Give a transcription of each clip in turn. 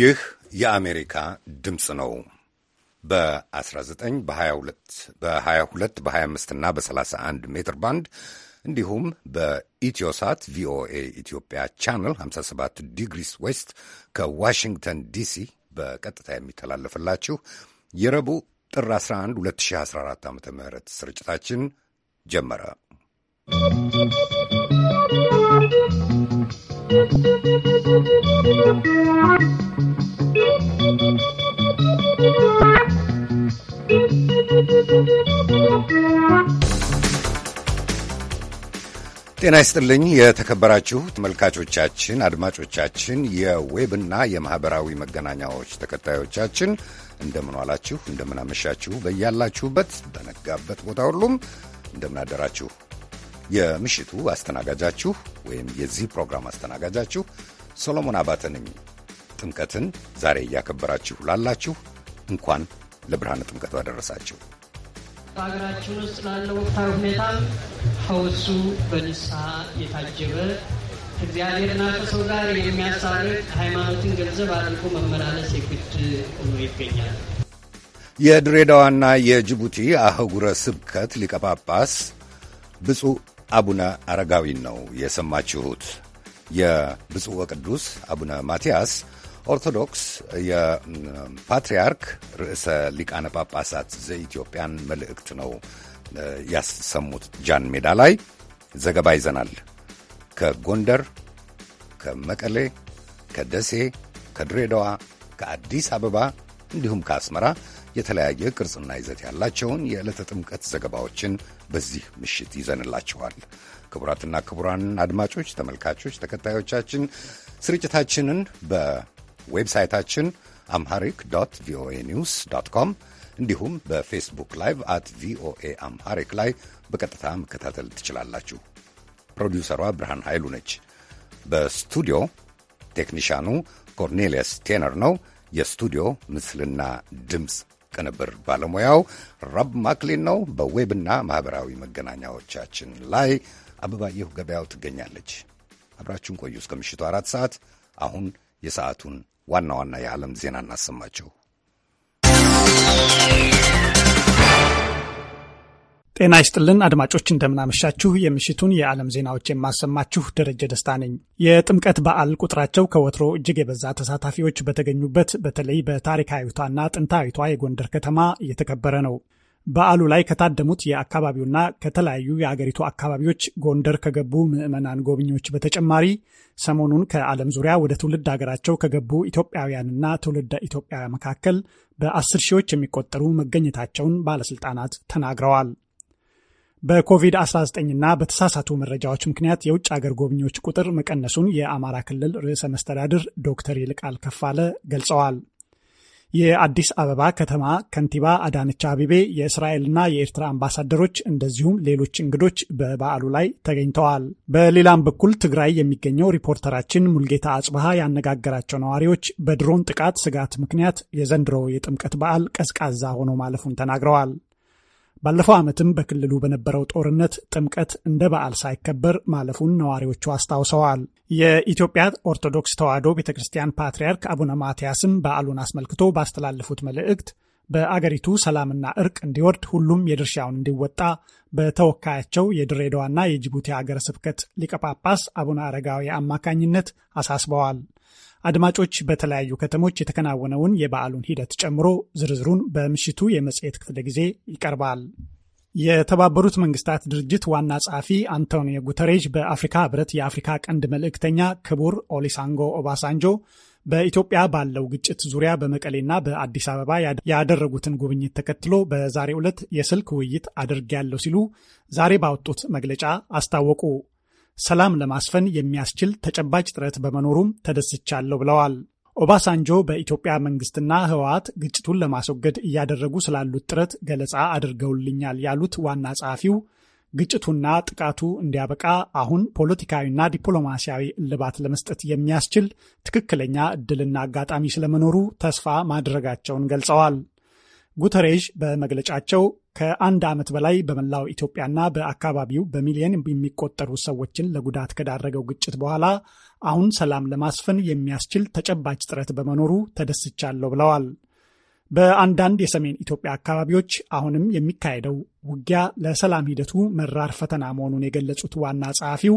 ይህ የአሜሪካ ድምፅ ነው። በ19 በ22 በ22 በ25 እና በ31 ሜትር ባንድ እንዲሁም በኢትዮሳት ቪኦኤ ኢትዮጵያ ቻናል 57 ዲግሪስ ዌስት ከዋሽንግተን ዲሲ በቀጥታ የሚተላለፍላችሁ የረቡዕ ጥር 11 2014 ዓ ም ስርጭታችን ጀመረ። ¶¶ ጤና ይስጥልኝ የተከበራችሁ ተመልካቾቻችን፣ አድማጮቻችን፣ የዌብና የማኅበራዊ መገናኛዎች ተከታዮቻችን እንደምን ዋላችሁ፣ እንደምን አመሻችሁ። በያላችሁበት በነጋበት ቦታ ሁሉም እንደምን አደራችሁ። የምሽቱ አስተናጋጃችሁ ወይም የዚህ ፕሮግራም አስተናጋጃችሁ ሰሎሞን አባተ ነኝ። ጥምቀትን ዛሬ እያከበራችሁ ላላችሁ እንኳን ለብርሃነ ጥምቀቱ አደረሳችሁ። በሀገራችን ውስጥ ላለው ወቅታዊ ሁኔታ ፈውሱ በንስሐ የታጀበ እግዚአብሔርና ከሰው ጋር የሚያሳርቅ ሃይማኖትን ገንዘብ አድርጎ መመላለስ የግድ ሆኖ ይገኛል። የድሬዳዋና የጅቡቲ አህጉረ ስብከት ሊቀ ጳጳስ ብፁዕ አቡነ አረጋዊን ነው የሰማችሁት። የብፁዕ ወቅዱስ አቡነ ማትያስ ኦርቶዶክስ የፓትርያርክ ርዕሰ ሊቃነ ጳጳሳት ዘኢትዮጵያን መልእክት ነው ያሰሙት ጃን ሜዳ ላይ ዘገባ ይዘናል። ከጎንደር፣ ከመቀሌ፣ ከደሴ፣ ከድሬዳዋ፣ ከአዲስ አበባ እንዲሁም ከአስመራ የተለያየ ቅርጽና ይዘት ያላቸውን የዕለተ ጥምቀት ዘገባዎችን በዚህ ምሽት ይዘንላችኋል። ክቡራትና ክቡራን አድማጮች፣ ተመልካቾች፣ ተከታዮቻችን ስርጭታችንን በ ዌብሳይታችን አምሐሪክ ዶት ቪኦኤ ኒውስ ዶት ኮም እንዲሁም በፌስቡክ ላይቭ አት ቪኦኤ አምሐሪክ ላይ በቀጥታ መከታተል ትችላላችሁ። ፕሮዲውሰሯ ብርሃን ኃይሉ ነች። በስቱዲዮ ቴክኒሽያኑ ኮርኔሊየስ ቴነር ነው። የስቱዲዮ ምስልና ድምፅ ቅንብር ባለሙያው ረብ ማክሊን ነው። በዌብና ማኅበራዊ መገናኛዎቻችን ላይ አበባየሁ ገበያው ትገኛለች። አብራችሁን ቆዩ እስከ ምሽቱ አራት ሰዓት። አሁን የሰዓቱን ዋና ዋና የዓለም ዜና እናሰማችሁ። ጤና ይስጥልን አድማጮች፣ እንደምናመሻችሁ። የምሽቱን የዓለም ዜናዎች የማሰማችሁ ደረጀ ደስታ ነኝ። የጥምቀት በዓል ቁጥራቸው ከወትሮ እጅግ የበዛ ተሳታፊዎች በተገኙበት በተለይ በታሪካዊቷና ጥንታዊቷ የጎንደር ከተማ እየተከበረ ነው። በዓሉ ላይ ከታደሙት የአካባቢውና ከተለያዩ የአገሪቱ አካባቢዎች ጎንደር ከገቡ ምዕመናን ጎብኚዎች በተጨማሪ ሰሞኑን ከዓለም ዙሪያ ወደ ትውልድ ሀገራቸው ከገቡ ኢትዮጵያውያንና ትውልደ ኢትዮጵያ መካከል በአስር ሺዎች የሚቆጠሩ መገኘታቸውን ባለስልጣናት ተናግረዋል። በኮቪድ-19ና በተሳሳቱ መረጃዎች ምክንያት የውጭ አገር ጎብኚዎች ቁጥር መቀነሱን የአማራ ክልል ርዕሰ መስተዳድር ዶክተር ይልቃል ከፋለ ገልጸዋል። የአዲስ አበባ ከተማ ከንቲባ አዳነች አቤቤ፣ የእስራኤልና የኤርትራ አምባሳደሮች እንደዚሁም ሌሎች እንግዶች በበዓሉ ላይ ተገኝተዋል። በሌላም በኩል ትግራይ የሚገኘው ሪፖርተራችን ሙልጌታ አጽብሃ ያነጋገራቸው ነዋሪዎች በድሮን ጥቃት ስጋት ምክንያት የዘንድሮ የጥምቀት በዓል ቀዝቃዛ ሆኖ ማለፉን ተናግረዋል። ባለፈው ዓመትም በክልሉ በነበረው ጦርነት ጥምቀት እንደ በዓል ሳይከበር ማለፉን ነዋሪዎቹ አስታውሰዋል። የኢትዮጵያ ኦርቶዶክስ ተዋሕዶ ቤተ ክርስቲያን ፓትርያርክ አቡነ ማትያስም በዓሉን አስመልክቶ ባስተላለፉት መልእክት በአገሪቱ ሰላምና እርቅ እንዲወርድ ሁሉም የድርሻውን እንዲወጣ በተወካያቸው የድሬዳዋና የጅቡቲ አገረ ስብከት ሊቀ ጳጳስ አቡነ አረጋዊ አማካኝነት አሳስበዋል። አድማጮች በተለያዩ ከተሞች የተከናወነውን የበዓሉን ሂደት ጨምሮ ዝርዝሩን በምሽቱ የመጽሔት ክፍለ ጊዜ ይቀርባል። የተባበሩት መንግስታት ድርጅት ዋና ጸሐፊ አንቶኒዮ ጉተሬጅ በአፍሪካ ህብረት የአፍሪካ ቀንድ መልእክተኛ ክቡር ኦሊሳንጎ ኦባሳንጆ በኢትዮጵያ ባለው ግጭት ዙሪያ በመቀሌና በአዲስ አበባ ያደረጉትን ጉብኝት ተከትሎ በዛሬው ዕለት የስልክ ውይይት አድርጌያለሁ ሲሉ ዛሬ ባወጡት መግለጫ አስታወቁ። ሰላም ለማስፈን የሚያስችል ተጨባጭ ጥረት በመኖሩም ተደስቻለሁ ብለዋል። ኦባሳንጆ በኢትዮጵያ መንግስትና ህወሓት ግጭቱን ለማስወገድ እያደረጉ ስላሉት ጥረት ገለጻ አድርገውልኛል ያሉት ዋና ጸሐፊው ግጭቱና ጥቃቱ እንዲያበቃ አሁን ፖለቲካዊና ዲፕሎማሲያዊ እልባት ለመስጠት የሚያስችል ትክክለኛ እድልና አጋጣሚ ስለመኖሩ ተስፋ ማድረጋቸውን ገልጸዋል። ጉተሬዥ በመግለጫቸው ከአንድ ዓመት በላይ በመላው ኢትዮጵያና በአካባቢው በሚሊዮን የሚቆጠሩ ሰዎችን ለጉዳት ከዳረገው ግጭት በኋላ አሁን ሰላም ለማስፈን የሚያስችል ተጨባጭ ጥረት በመኖሩ ተደስቻለሁ ብለዋል። በአንዳንድ የሰሜን ኢትዮጵያ አካባቢዎች አሁንም የሚካሄደው ውጊያ ለሰላም ሂደቱ መራር ፈተና መሆኑን የገለጹት ዋና ጸሐፊው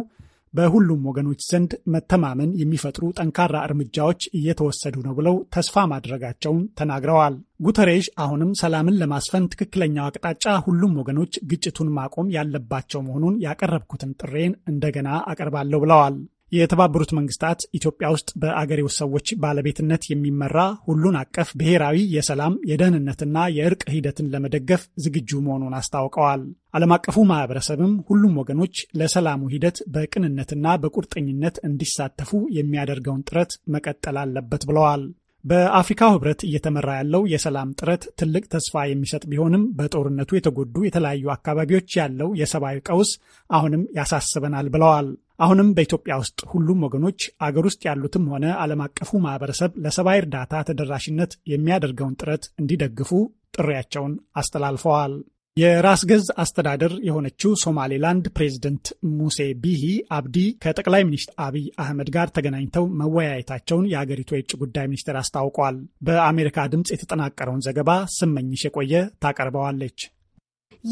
በሁሉም ወገኖች ዘንድ መተማመን የሚፈጥሩ ጠንካራ እርምጃዎች እየተወሰዱ ነው ብለው ተስፋ ማድረጋቸውን ተናግረዋል። ጉተሬዥ አሁንም ሰላምን ለማስፈን ትክክለኛው አቅጣጫ ሁሉም ወገኖች ግጭቱን ማቆም ያለባቸው መሆኑን ያቀረብኩትን ጥሬን እንደገና አቀርባለሁ ብለዋል። የተባበሩት መንግስታት ኢትዮጵያ ውስጥ በአገሬው ሰዎች ባለቤትነት የሚመራ ሁሉን አቀፍ ብሔራዊ የሰላም የደህንነትና የእርቅ ሂደትን ለመደገፍ ዝግጁ መሆኑን አስታውቀዋል። ዓለም አቀፉ ማህበረሰብም ሁሉም ወገኖች ለሰላሙ ሂደት በቅንነትና በቁርጠኝነት እንዲሳተፉ የሚያደርገውን ጥረት መቀጠል አለበት ብለዋል። በአፍሪካው ህብረት እየተመራ ያለው የሰላም ጥረት ትልቅ ተስፋ የሚሰጥ ቢሆንም በጦርነቱ የተጎዱ የተለያዩ አካባቢዎች ያለው የሰብአዊ ቀውስ አሁንም ያሳስበናል ብለዋል። አሁንም በኢትዮጵያ ውስጥ ሁሉም ወገኖች አገር ውስጥ ያሉትም ሆነ ዓለም አቀፉ ማህበረሰብ ለሰብአዊ እርዳታ ተደራሽነት የሚያደርገውን ጥረት እንዲደግፉ ጥሪያቸውን አስተላልፈዋል። የራስ ገዝ አስተዳደር የሆነችው ሶማሌላንድ ፕሬዚደንት ሙሴ ቢሂ አብዲ ከጠቅላይ ሚኒስትር አብይ አህመድ ጋር ተገናኝተው መወያየታቸውን የአገሪቱ የውጭ ጉዳይ ሚኒስቴር አስታውቋል። በአሜሪካ ድምፅ የተጠናቀረውን ዘገባ ስመኝሽ የቆየ ታቀርበዋለች።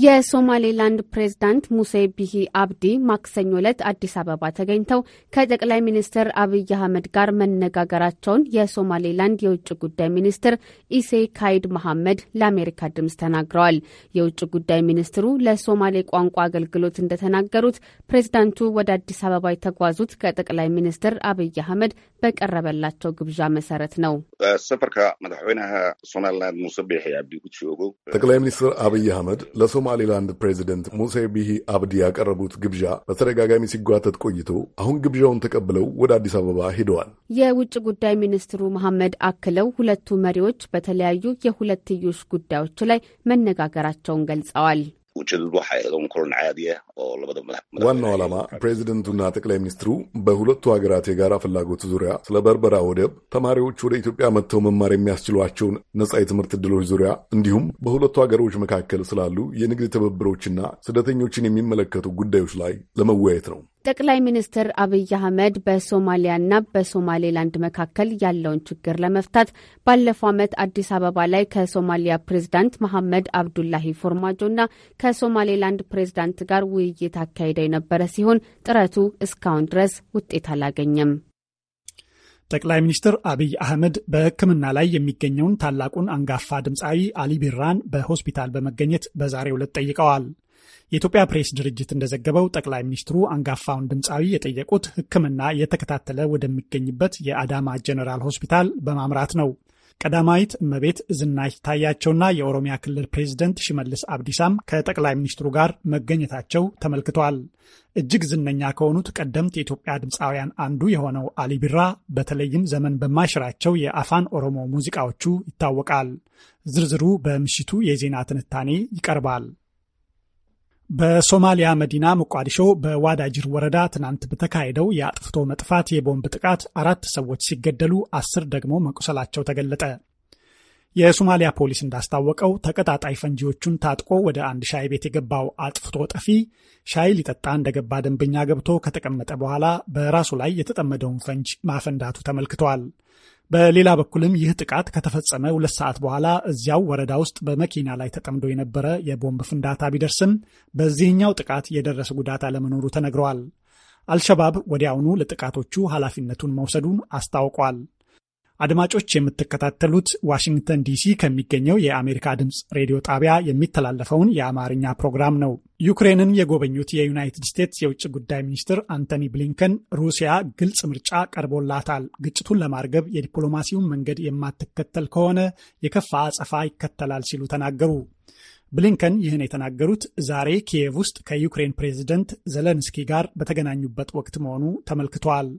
የሶማሌላንድ ፕሬዝዳንት ሙሴ ቢሂ አብዲ ማክሰኞ ዕለት አዲስ አበባ ተገኝተው ከጠቅላይ ሚኒስትር አብይ አህመድ ጋር መነጋገራቸውን የሶማሌላንድ የውጭ ጉዳይ ሚኒስትር ኢሴ ካይድ መሐመድ ለአሜሪካ ድምፅ ተናግረዋል። የውጭ ጉዳይ ሚኒስትሩ ለሶማሌ ቋንቋ አገልግሎት እንደተናገሩት ፕሬዝዳንቱ ወደ አዲስ አበባ የተጓዙት ከጠቅላይ ሚኒስትር አብይ አህመድ በቀረበላቸው ግብዣ መሰረት ነው። ጠቅላይ ሚኒስትር አብይ አህመድ ለሶማሌላንድ ፕሬዚደንት ሙሴ ቢሂ አብዲ ያቀረቡት ግብዣ በተደጋጋሚ ሲጓተት ቆይቶ አሁን ግብዣውን ተቀብለው ወደ አዲስ አበባ ሄደዋል። የውጭ ጉዳይ ሚኒስትሩ መሐመድ አክለው ሁለቱ መሪዎች በተለያዩ የሁለትዮሽ ጉዳዮች ላይ መነጋገራቸውን ገልጸዋል። ዋናው ዓላማ ፕሬዚደንቱና ጠቅላይ ሚኒስትሩ በሁለቱ ሀገራት የጋራ ፍላጎት ዙሪያ ስለ በርበራ ወደብ፣ ተማሪዎች ወደ ኢትዮጵያ መጥተው መማር የሚያስችሏቸውን ነጻ የትምህርት እድሎች ዙሪያ እንዲሁም በሁለቱ ሀገሮች መካከል ስላሉ የንግድ ትብብሮችና ስደተኞችን የሚመለከቱ ጉዳዮች ላይ ለመወያየት ነው። ጠቅላይ ሚኒስትር አብይ አህመድ በሶማሊያና በሶማሌላንድ መካከል ያለውን ችግር ለመፍታት ባለፈው ዓመት አዲስ አበባ ላይ ከሶማሊያ ፕሬዝዳንት መሐመድ አብዱላሂ ፎርማጆና ከሶማሌላንድ ፕሬዝዳንት ጋር ውይይት አካሂደው የነበረ ሲሆን ጥረቱ እስካሁን ድረስ ውጤት አላገኘም። ጠቅላይ ሚኒስትር አብይ አህመድ በሕክምና ላይ የሚገኘውን ታላቁን አንጋፋ ድምፃዊ አሊ ቢራን በሆስፒታል በመገኘት በዛሬው ዕለት ጠይቀዋል። የኢትዮጵያ ፕሬስ ድርጅት እንደዘገበው ጠቅላይ ሚኒስትሩ አንጋፋውን ድምፃዊ የጠየቁት ሕክምና እየተከታተለ ወደሚገኝበት የአዳማ ጀኔራል ሆስፒታል በማምራት ነው። ቀዳማዊት እመቤት ዝናሽ ታያቸውና የኦሮሚያ ክልል ፕሬዝደንት ሽመልስ አብዲሳም ከጠቅላይ ሚኒስትሩ ጋር መገኘታቸው ተመልክቷል። እጅግ ዝነኛ ከሆኑት ቀደምት የኢትዮጵያ ድምፃውያን አንዱ የሆነው አሊ ቢራ በተለይም ዘመን በማይሽራቸው የአፋን ኦሮሞ ሙዚቃዎቹ ይታወቃል። ዝርዝሩ በምሽቱ የዜና ትንታኔ ይቀርባል። በሶማሊያ መዲና ሞቃዲሾ በዋዳጅር ወረዳ ትናንት በተካሄደው የአጥፍቶ መጥፋት የቦምብ ጥቃት አራት ሰዎች ሲገደሉ አስር ደግሞ መቁሰላቸው ተገለጠ። የሶማሊያ ፖሊስ እንዳስታወቀው ተቀጣጣይ ፈንጂዎቹን ታጥቆ ወደ አንድ ሻይ ቤት የገባው አጥፍቶ ጠፊ ሻይ ሊጠጣ እንደገባ ደንበኛ ገብቶ ከተቀመጠ በኋላ በራሱ ላይ የተጠመደውን ፈንጅ ማፈንዳቱ ተመልክቷል። በሌላ በኩልም ይህ ጥቃት ከተፈጸመ ሁለት ሰዓት በኋላ እዚያው ወረዳ ውስጥ በመኪና ላይ ተጠምዶ የነበረ የቦምብ ፍንዳታ ቢደርስም በዚህኛው ጥቃት የደረሰ ጉዳት አለመኖሩ ተነግረዋል። አልሸባብ ወዲያውኑ ለጥቃቶቹ ኃላፊነቱን መውሰዱን አስታውቋል። አድማጮች የምትከታተሉት ዋሽንግተን ዲሲ ከሚገኘው የአሜሪካ ድምፅ ሬዲዮ ጣቢያ የሚተላለፈውን የአማርኛ ፕሮግራም ነው። ዩክሬንን የጎበኙት የዩናይትድ ስቴትስ የውጭ ጉዳይ ሚኒስትር አንቶኒ ብሊንከን ሩሲያ ግልጽ ምርጫ ቀርቦላታል፣ ግጭቱን ለማርገብ የዲፕሎማሲውን መንገድ የማትከተል ከሆነ የከፋ አጸፋ ይከተላል ሲሉ ተናገሩ። ብሊንከን ይህን የተናገሩት ዛሬ ኪየቭ ውስጥ ከዩክሬን ፕሬዝደንት ዘለንስኪ ጋር በተገናኙበት ወቅት መሆኑ ተመልክቷል።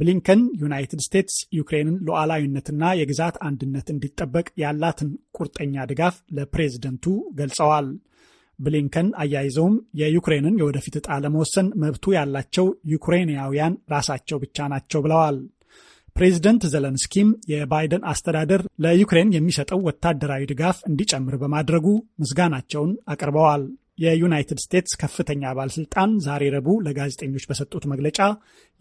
ብሊንከን ዩናይትድ ስቴትስ ዩክሬንን ሉዓላዊነትና የግዛት አንድነት እንዲጠበቅ ያላትን ቁርጠኛ ድጋፍ ለፕሬዝደንቱ ገልጸዋል። ብሊንከን አያይዘውም የዩክሬንን የወደፊት ዕጣ ለመወሰን መብቱ ያላቸው ዩክሬናውያን ራሳቸው ብቻ ናቸው ብለዋል። ፕሬዚደንት ዘለንስኪም የባይደን አስተዳደር ለዩክሬን የሚሰጠው ወታደራዊ ድጋፍ እንዲጨምር በማድረጉ ምስጋናቸውን አቅርበዋል። የዩናይትድ ስቴትስ ከፍተኛ ባለስልጣን ዛሬ ረቡዕ ለጋዜጠኞች በሰጡት መግለጫ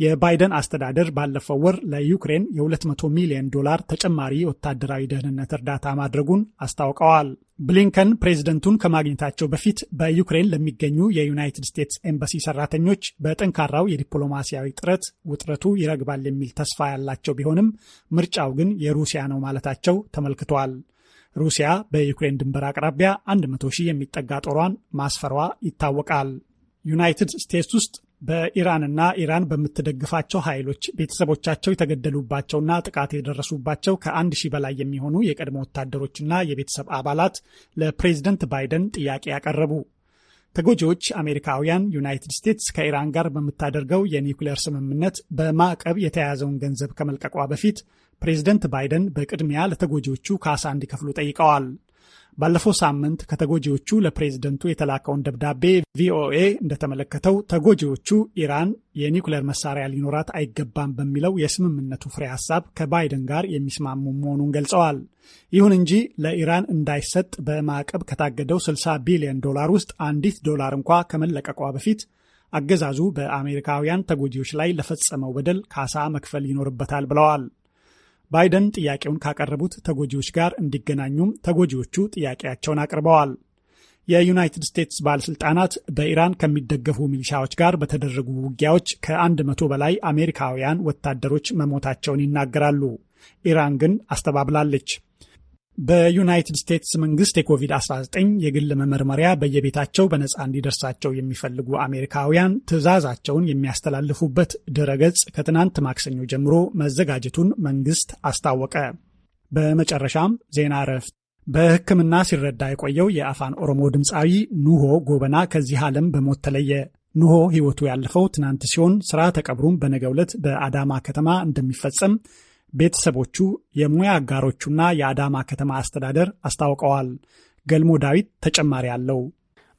የባይደን አስተዳደር ባለፈው ወር ለዩክሬን የ200 ሚሊዮን ዶላር ተጨማሪ ወታደራዊ ደህንነት እርዳታ ማድረጉን አስታውቀዋል። ብሊንከን ፕሬዝደንቱን ከማግኘታቸው በፊት በዩክሬን ለሚገኙ የዩናይትድ ስቴትስ ኤምባሲ ሰራተኞች በጠንካራው የዲፕሎማሲያዊ ጥረት ውጥረቱ ይረግባል የሚል ተስፋ ያላቸው ቢሆንም ምርጫው ግን የሩሲያ ነው ማለታቸው ተመልክቷል። ሩሲያ በዩክሬን ድንበር አቅራቢያ 100 ሺህ የሚጠጋ ጦሯን ማስፈሯ ይታወቃል። ዩናይትድ ስቴትስ ውስጥ በኢራንና ኢራን በምትደግፋቸው ኃይሎች ቤተሰቦቻቸው የተገደሉባቸውና ጥቃት የደረሱባቸው ከአንድ ሺህ በላይ የሚሆኑ የቀድሞ ወታደሮችና የቤተሰብ አባላት ለፕሬዝደንት ባይደን ጥያቄ ያቀረቡ ተጎጂዎች አሜሪካውያን ዩናይትድ ስቴትስ ከኢራን ጋር በምታደርገው የኒውክሌር ስምምነት በማዕቀብ የተያያዘውን ገንዘብ ከመልቀቋ በፊት ፕሬዝደንት ባይደን በቅድሚያ ለተጎጂዎቹ ካሳ እንዲከፍሉ ጠይቀዋል። ባለፈው ሳምንት ከተጎጂዎቹ ለፕሬዝደንቱ የተላከውን ደብዳቤ ቪኦኤ እንደተመለከተው ተጎጂዎቹ ኢራን የኒውክሌር መሳሪያ ሊኖራት አይገባም በሚለው የስምምነቱ ፍሬ ሀሳብ ከባይደን ጋር የሚስማሙ መሆኑን ገልጸዋል። ይሁን እንጂ ለኢራን እንዳይሰጥ በማዕቀብ ከታገደው 60 ቢሊዮን ዶላር ውስጥ አንዲት ዶላር እንኳ ከመለቀቋ በፊት አገዛዙ በአሜሪካውያን ተጎጂዎች ላይ ለፈጸመው በደል ካሳ መክፈል ይኖርበታል ብለዋል። ባይደን ጥያቄውን ካቀረቡት ተጎጂዎች ጋር እንዲገናኙም ተጎጂዎቹ ጥያቄያቸውን አቅርበዋል። የዩናይትድ ስቴትስ ባለሥልጣናት በኢራን ከሚደገፉ ሚሊሻዎች ጋር በተደረጉ ውጊያዎች ከአንድ መቶ በላይ አሜሪካውያን ወታደሮች መሞታቸውን ይናገራሉ። ኢራን ግን አስተባብላለች። በዩናይትድ ስቴትስ መንግስት የኮቪድ-19 የግል መመርመሪያ በየቤታቸው በነፃ እንዲደርሳቸው የሚፈልጉ አሜሪካውያን ትዕዛዛቸውን የሚያስተላልፉበት ድረገጽ ከትናንት ማክሰኞ ጀምሮ መዘጋጀቱን መንግስት አስታወቀ። በመጨረሻም ዜና እረፍት። በሕክምና ሲረዳ የቆየው የአፋን ኦሮሞ ድምፃዊ ኑሆ ጎበና ከዚህ ዓለም በሞት ተለየ። ኑሆ ሕይወቱ ያለፈው ትናንት ሲሆን ስራ ተቀብሩም በነገ ዕለት በአዳማ ከተማ እንደሚፈጸም ቤተሰቦቹ፣ የሙያ አጋሮቹና የአዳማ ከተማ አስተዳደር አስታውቀዋል። ገልሞ ዳዊት ተጨማሪ አለው።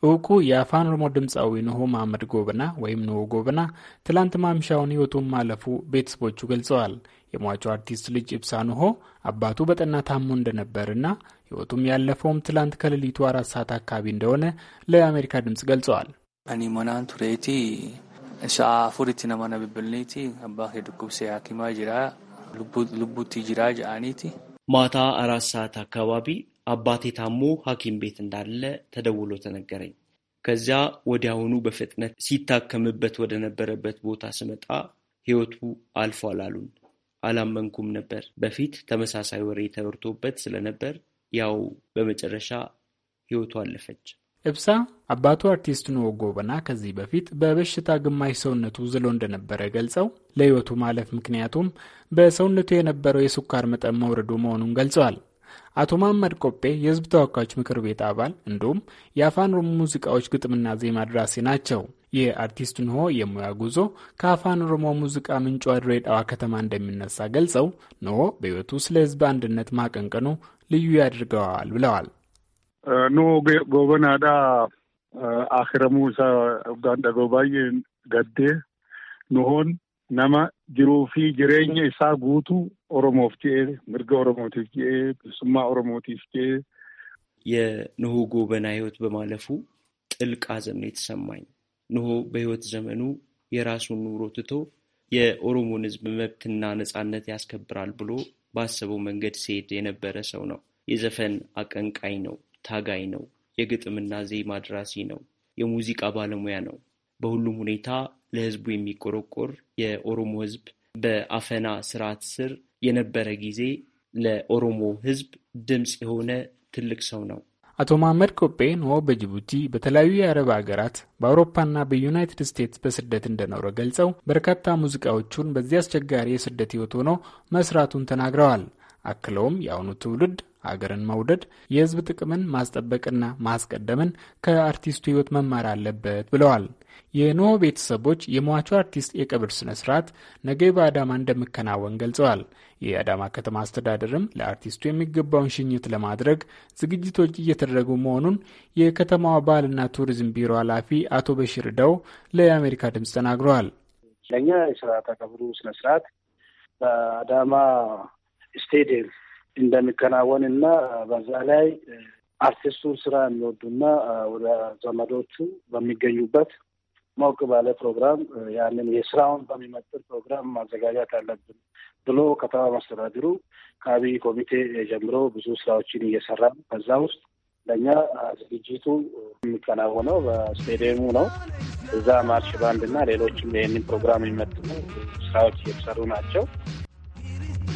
እውቁ የአፋን ኦሮሞ ድምፃዊ ንሆ መሐመድ ጎበና ወይም ንሆ ጎበና ትላንት ማምሻውን ሕይወቱን ማለፉ ቤተሰቦቹ ገልጸዋል። የሟቹ አርቲስት ልጅ ኢብሳ ንሆ አባቱ በጠና ታሞ እንደነበርና ህይወቱም ያለፈውም ትላንት ከሌሊቱ አራት ሰዓት አካባቢ እንደሆነ ለአሜሪካ ድምፅ ገልጸዋል። አኒ ሞናን ቱሬቲ ፉሪቲ ነማነ አባ ዱኩብሴ ሀኪማ ጅራ ልቡቲ ጅራጅ አኒቲ ማታ አራት ሰዓት አካባቢ አባቴ ታሞ ሐኪም ቤት እንዳለ ተደውሎ ተነገረኝ። ከዚያ ወዲያውኑ በፍጥነት ሲታከምበት ወደ ነበረበት ቦታ ስመጣ ህይወቱ አልፏል አሉን። አላመንኩም ነበር። በፊት ተመሳሳይ ወሬ ተወርቶበት ስለነበር ያው በመጨረሻ ህይወቱ አለፈች። እብሳ አባቱ አርቲስት ንዎ ጎበና ከዚህ በፊት በበሽታ ግማሽ ሰውነቱ ዝሎ እንደነበረ ገልጸው ለሕይወቱ ማለፍ ምክንያቱም በሰውነቱ የነበረው የስኳር መጠን መውረዱ መሆኑን ገልጸዋል። አቶ መሐመድ ቆጴ የሕዝብ ተወካዮች ምክር ቤት አባል እንዲሁም የአፋን ኦሮሞ ሙዚቃዎች ግጥምና ዜማ ደራሲ ናቸው። የአርቲስት ንሆ የሙያ ጉዞ ከአፋን ኦሮሞ ሙዚቃ ምንጩ ድሬዳዋ ከተማ እንደሚነሳ ገልጸው ንሆ በሕይወቱ ስለ ሕዝብ አንድነት ማቀንቀኑ ልዩ ያደርገዋል ብለዋል። nu goobanaadhaa akhiramuu isaa Abdaan Dhagoo baay'ee gaddee nuhoon nama jiruu fi jireenya isaa guutuu Oromoof je'ee mirga Oromootiif je'ee bilisummaa Oromootiif je'ee የንሁ ጎበና ህይወት በማለፉ ጥልቅ ሐዘን ነው የተሰማኝ። ንሆ በህይወት ዘመኑ የራሱን ኑሮ ትቶ የኦሮሞን ህዝብ መብትና ነጻነት ያስከብራል ብሎ ባሰበው መንገድ ሲሄድ የነበረ ሰው ነው። የዘፈን አቀንቃኝ ነው። ታጋይ ነው። የግጥምና ዜማ ደራሲ ነው። የሙዚቃ ባለሙያ ነው። በሁሉም ሁኔታ ለህዝቡ የሚቆረቆር የኦሮሞ ህዝብ በአፈና ስርዓት ስር የነበረ ጊዜ ለኦሮሞ ህዝብ ድምፅ የሆነ ትልቅ ሰው ነው። አቶ መሐመድ ኮጴ ኖ በጅቡቲ በተለያዩ የአረብ ሀገራት በአውሮፓና በዩናይትድ ስቴትስ በስደት እንደኖረ ገልጸው በርካታ ሙዚቃዎቹን በዚህ አስቸጋሪ የስደት ህይወት ሆኖ መስራቱን ተናግረዋል። አክለውም የአሁኑ ትውልድ አገርን መውደድ፣ የህዝብ ጥቅምን ማስጠበቅና ማስቀደምን ከአርቲስቱ ህይወት መማር አለበት ብለዋል። የኖሆ ቤተሰቦች የሟቹ አርቲስት የቀብር ስነ ስርዓት ነገ በአዳማ እንደሚከናወን ገልጸዋል። የአዳማ ከተማ አስተዳደርም ለአርቲስቱ የሚገባውን ሽኝት ለማድረግ ዝግጅቶች እየተደረጉ መሆኑን የከተማዋ ባህልና ቱሪዝም ቢሮ ኃላፊ አቶ በሽር ደው ለአሜሪካ ድምፅ ተናግረዋል። ለእኛ የስርዓተ ቀብሩ ስነስርዓት በአዳማ ስቴዲየም እንደሚከናወን እና በዛ ላይ አርቲስቱን ስራ የሚወዱና ወደ ዘመዶቹ በሚገኙበት ሞቅ ባለ ፕሮግራም ያንን የስራውን በሚመጥን ፕሮግራም ማዘጋጃት አለብን ብሎ ከተማ ማስተዳድሩ ከአብይ ኮሚቴ ጀምሮ ብዙ ስራዎችን እየሰራ ከዛ ውስጥ ለእኛ ዝግጅቱ የሚከናወነው በስቴዲየሙ ነው። እዛ ማርች ባንድ እና ሌሎችም ይህንን ፕሮግራም የሚመጥኑ ስራዎች እየተሰሩ ናቸው።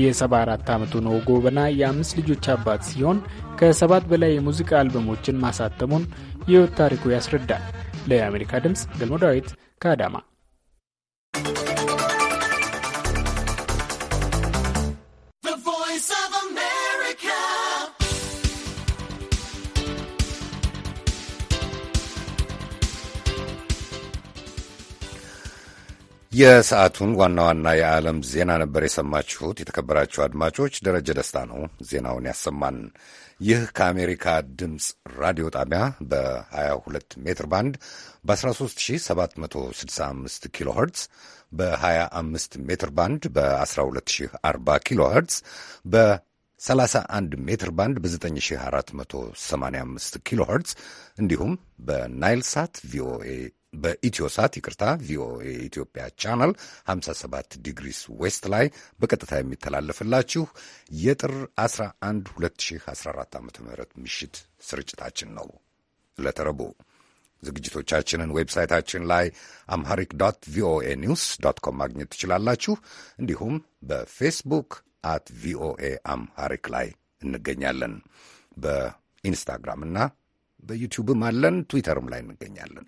የ74 ዓመቱ ነው ጎበና የአምስት ልጆች አባት ሲሆን ከሰባት በላይ የሙዚቃ አልበሞችን ማሳተሙን የሕይወት ታሪኩ ያስረዳል። ለአሜሪካ ድምፅ ገልሞ ዳዊት ከአዳማ የሰዓቱን ዋና ዋና የዓለም ዜና ነበር የሰማችሁት። የተከበራችሁ አድማጮች፣ ደረጀ ደስታ ነው ዜናውን ያሰማን። ይህ ከአሜሪካ ድምፅ ራዲዮ ጣቢያ በ22 ሜትር ባንድ በ13765 ኪሎ ኸርትዝ በ25 ሜትር ባንድ በ1240 ኪሎ ኸርትዝ በ 31 ሜትር ባንድ በ9485 ኪሎ ኸርትዝ እንዲሁም በናይል ሳት ቪኦኤ በኢትዮሳት ይቅርታ ቪኦኤ ኢትዮጵያ ቻናል 57 ዲግሪስ ዌስት ላይ በቀጥታ የሚተላለፍላችሁ የጥር 11 2014 ዓ ም ምሽት ስርጭታችን ነው። ለተረቡ ዝግጅቶቻችንን ዌብሳይታችን ላይ አምሃሪክ ዶት ቪኦኤ ኒውስ ዶት ኮም ማግኘት ትችላላችሁ። እንዲሁም በፌስቡክ አት ቪኦኤ አምሃሪክ ላይ እንገኛለን። በኢንስታግራም እና በዩቲዩብም አለን። ትዊተርም ላይ እንገኛለን።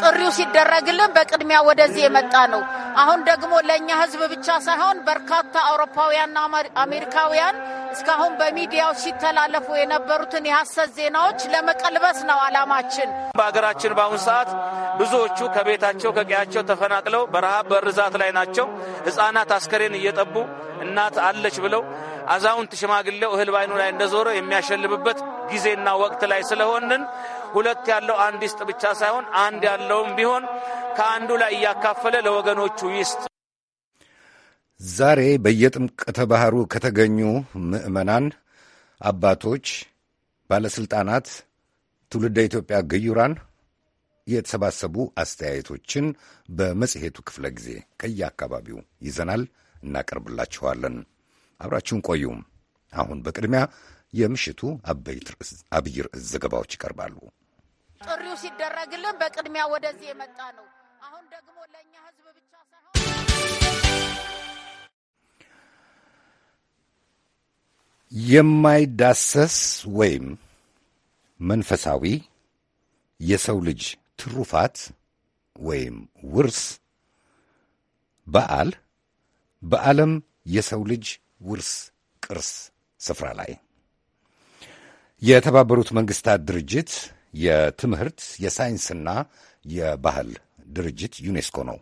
ጥሪው ሲደረግልን በቅድሚያ ወደዚህ የመጣ ነው። አሁን ደግሞ ለእኛ ህዝብ ብቻ ሳይሆን በርካታ አውሮፓውያንና አሜሪካውያን እስካሁን በሚዲያው ሲተላለፉ የነበሩትን የሐሰት ዜናዎች ለመቀልበስ ነው አላማችን በሀገራችን በአሁኑ ሰዓት ብዙዎቹ ከቤታቸው ከቀያቸው ተፈናቅለው በረሃብ በርዛት ላይ ናቸው። ህጻናት አስከሬን እየጠቡ እናት አለች ብለው አዛውንት ሽማግሌው እህል ባይኑ ላይ እንደዞረ የሚያሸልብበት ጊዜና ወቅት ላይ ስለሆንን ሁለት ያለው አንድ ይስጥ ብቻ ሳይሆን አንድ ያለውም ቢሆን ከአንዱ ላይ እያካፈለ ለወገኖቹ ይስጥ። ዛሬ በየጥምቀተ ባህሩ ከተገኙ ምዕመናን፣ አባቶች፣ ባለሥልጣናት፣ ትውልደ ኢትዮጵያ ግዩራን የተሰባሰቡ አስተያየቶችን በመጽሔቱ ክፍለ ጊዜ ከየአካባቢው ይዘናል እናቀርብላችኋለን። አብራችሁን ቆዩም አሁን በቅድሚያ የምሽቱ አብይ ርዕስ ዘገባዎች ይቀርባሉ። ጥሪው ሲደረግልን በቅድሚያ ወደዚህ የመጣ ነው። አሁን ደግሞ ለእኛ ህዝብ ብቻ ሳይሆን የማይዳሰስ ወይም መንፈሳዊ የሰው ልጅ ትሩፋት ወይም ውርስ በዓል በዓለም የሰው ልጅ ውርስ ቅርስ ስፍራ ላይ የተባበሩት መንግስታት ድርጅት የትምህርት የሳይንስና የባህል ድርጅት ዩኔስኮ ነው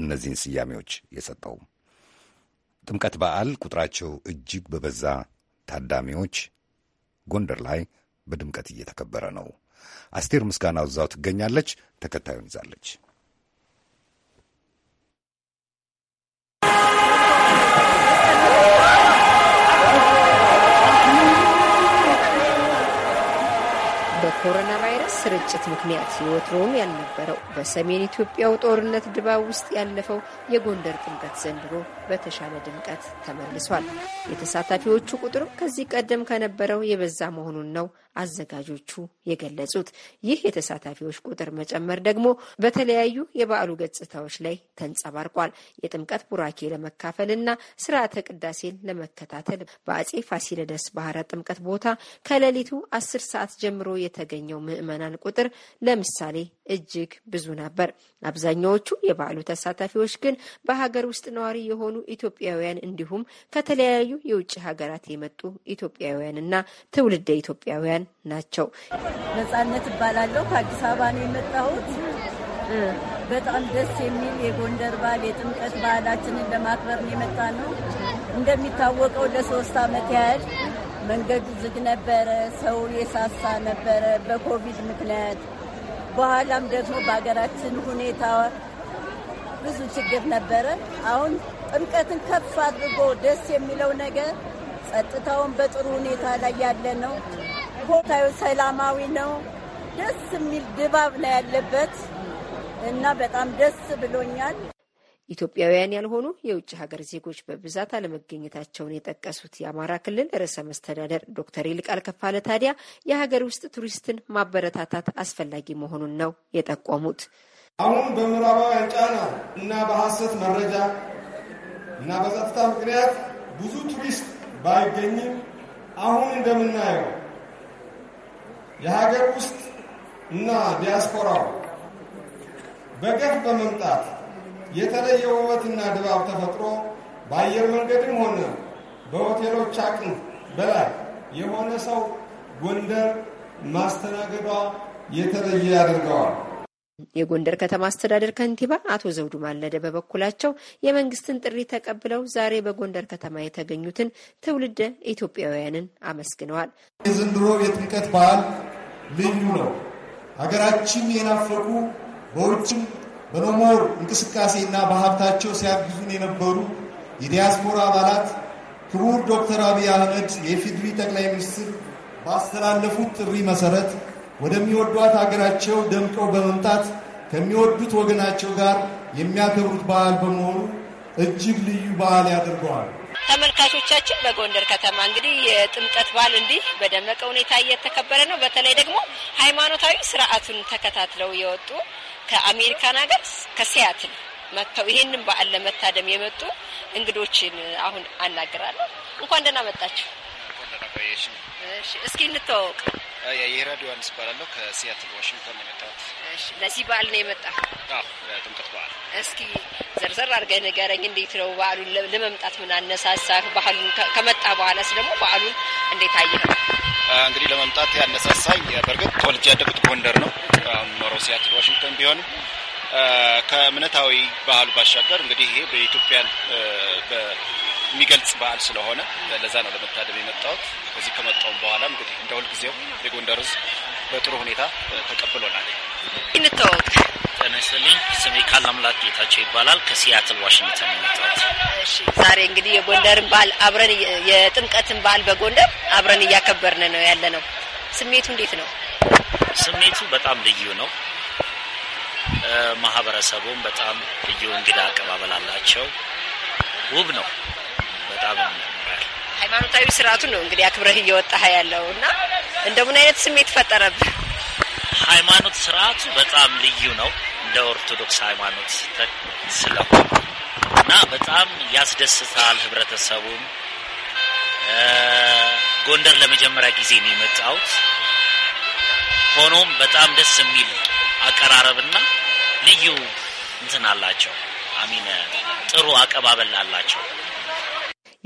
እነዚህን ስያሜዎች የሰጠው። ጥምቀት በዓል ቁጥራቸው እጅግ በበዛ ታዳሚዎች ጎንደር ላይ በድምቀት እየተከበረ ነው። አስቴር ምስጋናው እዛው ትገኛለች፣ ተከታዩን ይዛለች። Corre en red. ስርጭት ምክንያት የወትሮውን ያልነበረው በሰሜን ኢትዮጵያው ጦርነት ድባብ ውስጥ ያለፈው የጎንደር ጥምቀት ዘንድሮ በተሻለ ድምቀት ተመልሷል። የተሳታፊዎቹ ቁጥር ከዚህ ቀደም ከነበረው የበዛ መሆኑን ነው አዘጋጆቹ የገለጹት። ይህ የተሳታፊዎች ቁጥር መጨመር ደግሞ በተለያዩ የበዓሉ ገጽታዎች ላይ ተንጸባርቋል። የጥምቀት ቡራኬ እና ስርዓተ ቅዳሴን ለመከታተል በአጼ ፋሲለደስ ባህረ ጥምቀት ቦታ ከሌሊቱ አስር ሰዓት ጀምሮ የተገኘው ምዕመን ምዕመናን ቁጥር ለምሳሌ እጅግ ብዙ ነበር። አብዛኛዎቹ የበዓሉ ተሳታፊዎች ግን በሀገር ውስጥ ነዋሪ የሆኑ ኢትዮጵያውያን እንዲሁም ከተለያዩ የውጭ ሀገራት የመጡ ኢትዮጵያውያንና ትውልደ ኢትዮጵያውያን ናቸው። ነጻነት እባላለሁ። ከአዲስ አበባ ነው የመጣሁት። በጣም ደስ የሚል የጎንደር በዓል የጥምቀት ባህላችንን ለማክበር ነው የመጣ ነው። እንደሚታወቀው ለሶስት ዓመት ያህል መንገዱ ዝግ ነበረ። ሰው የሳሳ ነበረ በኮቪድ ምክንያት። በኋላም ደግሞ በሀገራችን ሁኔታ ብዙ ችግር ነበረ። አሁን ጥምቀትን ከፍ አድርጎ ደስ የሚለው ነገር ጸጥታውን በጥሩ ሁኔታ ላይ ያለ ነው። ቦታዩ ሰላማዊ ነው። ደስ የሚል ድባብ ነው ያለበት እና በጣም ደስ ብሎኛል። ኢትዮጵያውያን ያልሆኑ የውጭ ሀገር ዜጎች በብዛት አለመገኘታቸውን የጠቀሱት የአማራ ክልል ርዕሰ መስተዳደር ዶክተር ይልቃል ከፋለ ታዲያ የሀገር ውስጥ ቱሪስትን ማበረታታት አስፈላጊ መሆኑን ነው የጠቆሙት። አሁን በምዕራባውያን ጫና እና በሐሰት መረጃ እና በጸጥታ ምክንያት ብዙ ቱሪስት ባይገኝም አሁን እንደምናየው የሀገር ውስጥ እና ዲያስፖራው በገፍ በመምጣት የተለየ ውበትና ድባብ ተፈጥሮ በአየር መንገድም ሆነ በሆቴሎች አቅም በላይ የሆነ ሰው ጎንደር ማስተናገዷ የተለየ ያደርገዋል። የጎንደር ከተማ አስተዳደር ከንቲባ አቶ ዘውዱ ማለደ በበኩላቸው የመንግስትን ጥሪ ተቀብለው ዛሬ በጎንደር ከተማ የተገኙትን ትውልደ ኢትዮጵያውያንን አመስግነዋል። የዘንድሮ የጥምቀት በዓል ልዩ ነው። ሀገራችን የናፈቁ በውጭም በኖሞር እንቅስቃሴና በሀብታቸው ሲያግዙን የነበሩ የዲያስፖራ አባላት ክቡር ዶክተር አብይ አህመድ የፊድሪ ጠቅላይ ሚኒስትር ባስተላለፉት ጥሪ መሰረት ወደሚወዷት አገራቸው ደምቀው በመምጣት ከሚወዱት ወገናቸው ጋር የሚያከብሩት በዓል በመሆኑ እጅግ ልዩ በዓል ያደርገዋል። ተመልካቾቻችን በጎንደር ከተማ እንግዲህ የጥምቀት በዓል እንዲህ በደመቀ ሁኔታ እየተከበረ ነው። በተለይ ደግሞ ሃይማኖታዊ ስርዓቱን ተከታትለው የወጡ ከአሜሪካን ሀገር ከሲያትል መጥተው ይሄንን በዓል ለመታደም የመጡ እንግዶችን አሁን አናግራለሁ። እንኳን ደህና መጣችሁ። እስኪ እንተዋወቅ። የራዲዮ ዮሐንስ እባላለሁ ከሲያትል ዋሽንግተን ነው የመጣሁት። እሺ፣ ለዚህ በዓል ነው የመጣሁ? አዎ፣ ለጥምቀት በዓል። እስኪ ዘርዘር አድርገህ ንገረኝ፣ እንዴት ነው በዓሉን ለመምጣት ምን አነሳሳህ? ባህሉን ከመጣ በኋላስ ደግሞ በዓሉን እንዴት አየህ? እንግዲህ ለመምጣት ያነሳሳኝ በእርግጥ ተወልጄ ያደግኩት ጎንደር ነው። አሁን የምኖረው ሲያትል ዋሽንግተን ቢሆንም ከእምነታዊ ባህሉ ባሻገር እንግዲህ ይሄ በኢትዮጵያን የሚገልጽ በዓል ስለሆነ ለዛ ነው ለመታደም የመጣሁት። ከዚህ ከመጣውም በኋላ እንግዲህ እንደ ሁልጊዜው የጎንደር ሕዝብ በጥሩ ሁኔታ ተቀብሎናል። ይንተወት ጤና ይስጥልኝ። ስሜ ካላምላክ ጌታቸው ይባላል። ከሲያትል ዋሽንግተን የመጣሁት። ዛሬ እንግዲህ የጎንደርን በዓል አብረን የጥምቀትን በዓል በጎንደር አብረን እያከበርን ነው ያለ ነው። ስሜቱ እንዴት ነው? ስሜቱ በጣም ልዩ ነው። ማህበረሰቡም በጣም ልዩ እንግዳ አቀባበል አላቸው። ውብ ነው። በሚባል ሃይማኖታዊ ስርዓቱን ነው እንግዲህ አክብረህ እየወጣህ ያለው እና እንደምን አይነት ስሜት ፈጠረብህ? ሃይማኖት ስርዓቱ በጣም ልዩ ነው እንደ ኦርቶዶክስ ሃይማኖት ስለሆነ እና በጣም ያስደስታል ህብረተሰቡን። ጎንደር ለመጀመሪያ ጊዜ ነው የመጣሁት። ሆኖም በጣም ደስ የሚል አቀራረብና ልዩ እንትን አላቸው። አሚነ ጥሩ አቀባበል አላቸው።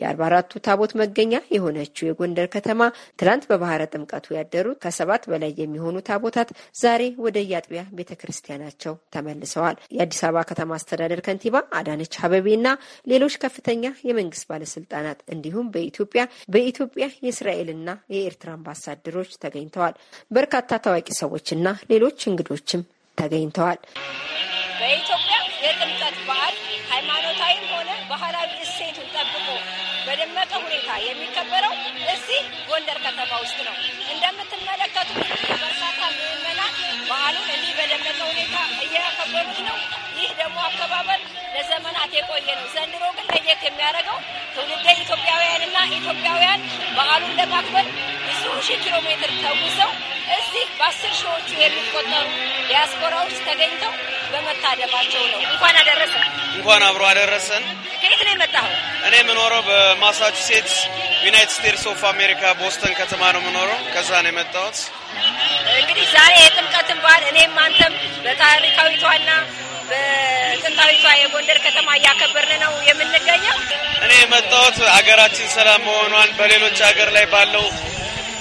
የአርባ አራቱ ታቦት መገኛ የሆነችው የጎንደር ከተማ ትላንት በባህረ ጥምቀቱ ያደሩ ከሰባት በላይ የሚሆኑ ታቦታት ዛሬ ወደ የአጥቢያ ቤተ ክርስቲያናቸው ተመልሰዋል። የአዲስ አበባ ከተማ አስተዳደር ከንቲባ አዳነች እና ሌሎች ከፍተኛ የመንግስት ባለስልጣናት እንዲሁም በኢትዮጵያ በኢትዮጵያ የእስራኤልና የኤርትራ አምባሳደሮች ተገኝተዋል። በርካታ ታዋቂ ሰዎችና ሌሎች እንግዶችም ተገኝተዋል። ከተማ ውስጥ ነው። እንደምትመለከቱት በርካታ ምዕመናን በዓሉን እንዲህ በደመቀ ሁኔታ እያከበሩት ነው። ይህ ደግሞ አከባበር ለዘመናት የቆየ ነው። ዘንድሮ ግን ለየት የሚያደርገው ትውልደ ኢትዮጵያውያንና ኢትዮጵያውያን በዓሉን ለማክበር ብዙ ሺህ ኪሎ ሜትር ተጉዘው እዚህ በአስር ሺዎቹ የሚቆጠሩ ዲያስፖራዎች ተገኝተው በመታደባቸው ነው። እንኳን አደረሰ እንኳን አብሮ አደረሰን። ከየት ነው የመጣኸው? እኔ የምኖረው በማሳቹሴትስ ዩናይትድ ስቴትስ ኦፍ አሜሪካ ቦስተን ከተማ ነው የምኖረው። ከዛ ነው የመጣሁት። እንግዲህ ዛሬ የጥምቀትን በዓል እኔም አንተም በታሪካዊቷና በጥንታዊቷ የጎንደር ከተማ እያከበርን ነው የምንገኘው። እኔ የመጣሁት አገራችን ሰላም መሆኗን በሌሎች ሀገር ላይ ባለው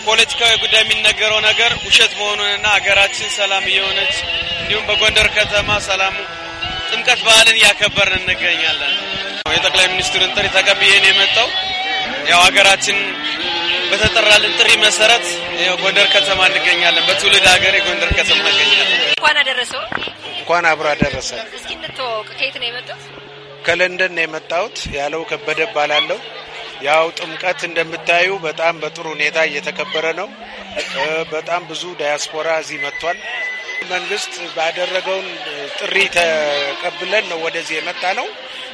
ፖለቲካዊ ጉዳይ የሚነገረው ነገር ውሸት መሆኑንና ሀገራችን ሰላም እየሆነች እንዲሁም በጎንደር ከተማ ሰላሙ ጥምቀት በዓልን እያከበርን እንገኛለን። የጠቅላይ ሚኒስትሩን ጥሪ ተቀብዬ ነው የመጣው። ያው ሀገራችን በተጠራልን ጥሪ መሰረት ጎንደር ከተማ እንገኛለን። በትውልድ ሀገር የጎንደር ከተማ እንገኛለን። እንኳን አደረሰው። እንኳን አብሮ አደረሰ። እስኪ እንተዋወቅ። ከየት ነው የመጣሁት? ከለንደን ነው የመጣሁት። ያለው ከበደ ባላለው። ያው ጥምቀት እንደምታዩ በጣም በጥሩ ሁኔታ እየተከበረ ነው። በጣም ብዙ ዳያስፖራ እዚህ መጥቷል። መንግስት ባደረገውን ጥሪ ተቀብለን ነው ወደዚህ የመጣ ነው።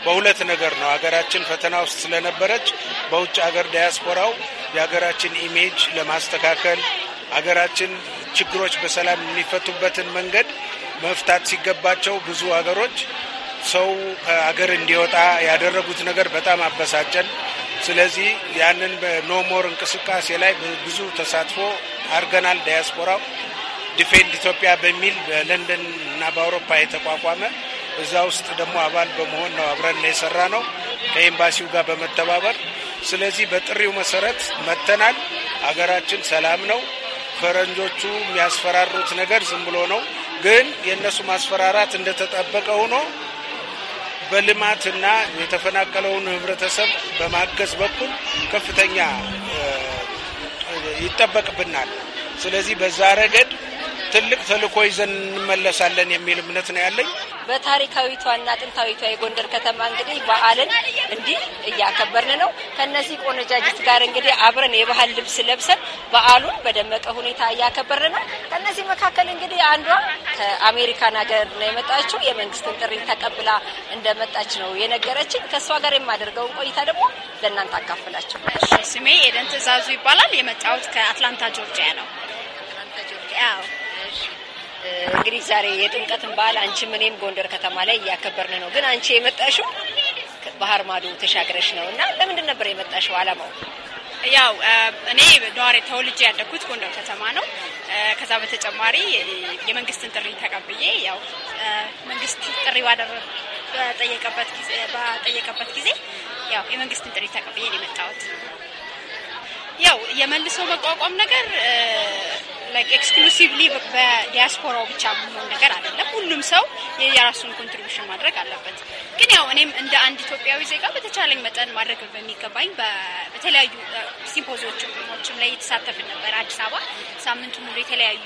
በሁለት ነገር ነው። ሀገራችን ፈተና ውስጥ ስለነበረች በውጭ ሀገር ዳያስፖራው የሀገራችን ኢሜጅ ለማስተካከል ሀገራችን ችግሮች በሰላም የሚፈቱበትን መንገድ መፍታት ሲገባቸው ብዙ ሀገሮች ሰው ከሀገር እንዲወጣ ያደረጉት ነገር በጣም አበሳጨን። ስለዚህ ያንን በኖሞር እንቅስቃሴ ላይ ብዙ ተሳትፎ አድርገናል። ዳያስፖራው ዲፌንድ ኢትዮጵያ በሚል በለንደን እና በአውሮፓ የተቋቋመ እዛ ውስጥ ደግሞ አባል በመሆን ነው አብረን የሰራ ነው ከኤምባሲው ጋር በመተባበር ስለዚህ በጥሪው መሰረት መተናል። አገራችን ሰላም ነው። ፈረንጆቹ የሚያስፈራሩት ነገር ዝም ብሎ ነው። ግን የእነሱ ማስፈራራት እንደተጠበቀ ሆኖ በልማትና የተፈናቀለውን ህብረተሰብ በማገዝ በኩል ከፍተኛ ይጠበቅብናል። ስለዚህ በዛ ረገድ ትልቅ ተልዕኮ ይዘን እንመለሳለን የሚል እምነት ነው ያለኝ። በታሪካዊቷና ጥንታዊቷ የጎንደር ከተማ እንግዲህ በዓልን እንዲህ እያከበርን ነው። ከነዚህ ቆነጃጅት ጋር እንግዲህ አብረን የባህል ልብስ ለብሰን በዓሉን በደመቀ ሁኔታ እያከበርን ነው። ከነዚህ መካከል እንግዲህ አንዷ ከአሜሪካን ሀገር ነው የመጣችው። የመንግስትን ጥሪ ተቀብላ እንደመጣች ነው የነገረችን። ከእሷ ጋር የማደርገውን ቆይታ ደግሞ ለእናንተ አካፍላቸው። ስሜ ኤደን ትእዛዙ ይባላል። የመጣሁት ከአትላንታ ጆርጂያ ነው። እንግዲህ ዛሬ የጥምቀትን በዓል አንቺም እኔም ጎንደር ከተማ ላይ እያከበርን ነው። ግን አንቺ የመጣሽው ባህር ማዶ ተሻግረሽ ነው እና ለምንድን ነበር የመጣሽው? አላማው ያው እኔ ነዋሪ ተወልጄ ያደኩት ጎንደር ከተማ ነው። ከዛ በተጨማሪ የመንግስትን ጥሪ ተቀብዬ ያው መንግስት ጥሪ በጠየቀበት ጊዜ ያው የመንግስትን ጥሪ ተቀብዬ ነው የመጣሁት። ያው የመልሶ መቋቋም ነገር ላይክ ኤክስክሉሲቭሊ በዲያስፖራው ብቻ መሆን ነገር አይደለም። ሁሉም ሰው የራሱን ኮንትሪቢሽን ማድረግ አለበት። ግን ያው እኔም እንደ አንድ ኢትዮጵያዊ ዜጋ በተቻለኝ መጠን ማድረግ በሚገባኝ በተለያዩ ሲምፖዚዎችም ላይ የተሳተፍን ነበር። አዲስ አበባ ሳምንቱ ሙሉ የተለያዩ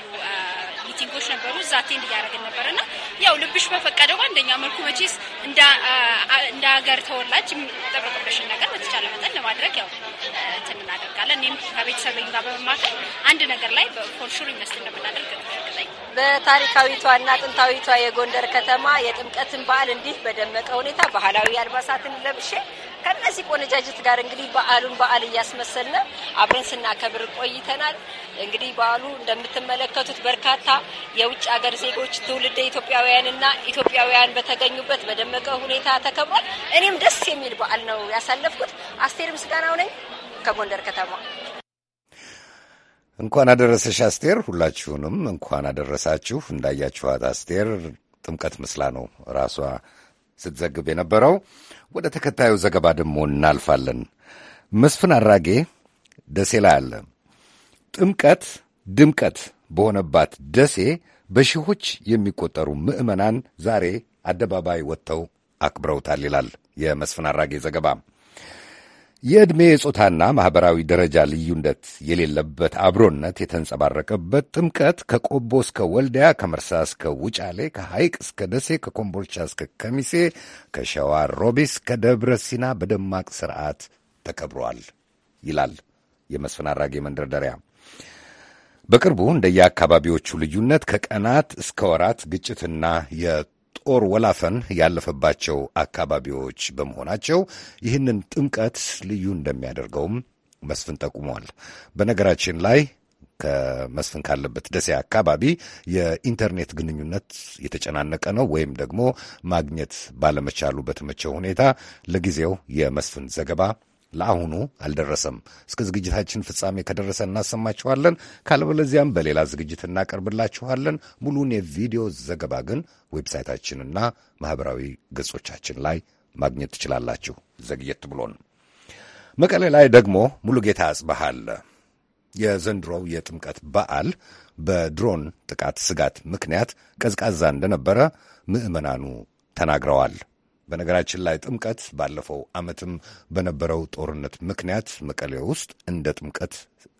ሚቲንጎች ነበሩ፣ እዛ አቴንድ እያደረግን ነበር እና ያው ልብሽ በፈቀደው አንደኛ መልኩ መቼስ እንደ ሀገር ተወላጅ የሚጠበቅበሽን ነገር በተቻለ መጠን ለማድረግ ያው እንትን እናደርጋለን። እኔም ከቤተሰብ ጋር በመማከል አንድ ነገር ላይ ፎርሹር ይመስል እንደምናደርግ በታሪካዊቷ በታሪካዊቷና ጥንታዊቷ የጎንደር ከተማ የጥምቀትን በዓል እንዲህ በደመቀ ሁኔታ ባህላዊ አልባሳትን ለብሼ ከነዚህ ቆነጃጅት ጋር እንግዲህ በዓሉን በዓል እያስመሰልን አብረን ስናከብር ቆይተናል። እንግዲህ በዓሉ እንደምትመለከቱት በርካታ የውጭ ሀገር ዜጎች ትውልደ ኢትዮጵያውያንና ኢትዮጵያውያን በተገኙበት በደመቀ ሁኔታ ተከብሯል። እኔም ደስ የሚል በዓል ነው ያሳለፍኩት። አስቴር ምስጋናው ነኝ ከጎንደር ከተማ። እንኳን አደረሰሽ አስቴር። ሁላችሁንም እንኳን አደረሳችሁ። እንዳያችኋት አስቴር ጥምቀት ምስላ ነው ራሷ ስትዘግብ የነበረው። ወደ ተከታዩ ዘገባ ደግሞ እናልፋለን። መስፍን አራጌ ደሴ ላይ አለ። ጥምቀት ድምቀት በሆነባት ደሴ በሺዎች የሚቆጠሩ ምዕመናን ዛሬ አደባባይ ወጥተው አክብረውታል ይላል የመስፍን አራጌ ዘገባ። የዕድሜ የጾታና ማኅበራዊ ደረጃ ልዩነት የሌለበት አብሮነት የተንጸባረቀበት ጥምቀት ከቆቦ እስከ ወልዲያ፣ ከመርሳ እስከ ውጫሌ፣ ከሐይቅ እስከ ደሴ፣ ከኮምቦልቻ እስከ ከሚሴ፣ ከሸዋ ሮቢስ፣ ከደብረ ሲና በደማቅ ስርዓት ተከብሯል ይላል የመስፍን አራጌ መንደርደሪያ። በቅርቡ እንደየአካባቢዎቹ ልዩነት ከቀናት እስከ ወራት ግጭትና ጦር ወላፈን ያለፈባቸው አካባቢዎች በመሆናቸው ይህንን ጥምቀት ልዩ እንደሚያደርገውም መስፍን ጠቁመዋል። በነገራችን ላይ ከመስፍን ካለበት ደሴ አካባቢ የኢንተርኔት ግንኙነት የተጨናነቀ ነው ወይም ደግሞ ማግኘት ባለመቻሉ በተመቸው ሁኔታ ለጊዜው የመስፍን ዘገባ ለአሁኑ አልደረሰም። እስከ ዝግጅታችን ፍጻሜ ከደረሰ እናሰማችኋለን። ካለበለዚያም በሌላ ዝግጅት እናቀርብላችኋለን። ሙሉን የቪዲዮ ዘገባ ግን ዌብሳይታችንና ማኅበራዊ ገጾቻችን ላይ ማግኘት ትችላላችሁ። ዘግየት ብሎን መቀሌ ላይ ደግሞ ሙሉጌታ አጽባህ አለ። የዘንድሮው የጥምቀት በዓል በድሮን ጥቃት ስጋት ምክንያት ቀዝቃዛ እንደነበረ ምዕመናኑ ተናግረዋል። በነገራችን ላይ ጥምቀት ባለፈው ዓመትም በነበረው ጦርነት ምክንያት መቀሌ ውስጥ እንደ ጥምቀት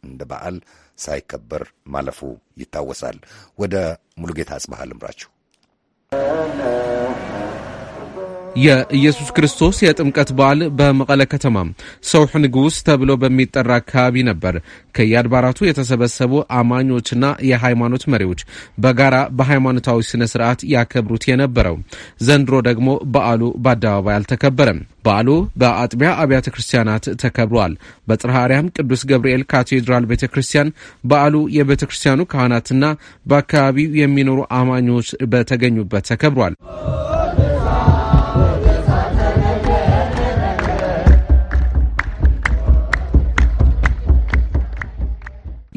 እንደ በዓል ሳይከበር ማለፉ ይታወሳል። ወደ ሙሉጌታ አጽባሃ ልምራችሁ። የኢየሱስ ክርስቶስ የጥምቀት በዓል በመቀለ ከተማ ሰውሕ ንጉሥ ተብሎ በሚጠራ አካባቢ ነበር። ከየአድባራቱ የተሰበሰቡ አማኞችና የሃይማኖት መሪዎች በጋራ በሃይማኖታዊ ስነ ስርዓት ያከብሩት የነበረው ዘንድሮ ደግሞ በዓሉ በአደባባይ አልተከበረም። በዓሉ በአጥቢያ አብያተ ክርስቲያናት ተከብሯል። በጥርሃርያም ቅዱስ ገብርኤል ካቴድራል ቤተ ክርስቲያን በዓሉ የቤተ ክርስቲያኑ ካህናትና በአካባቢው የሚኖሩ አማኞች በተገኙበት ተከብሯል።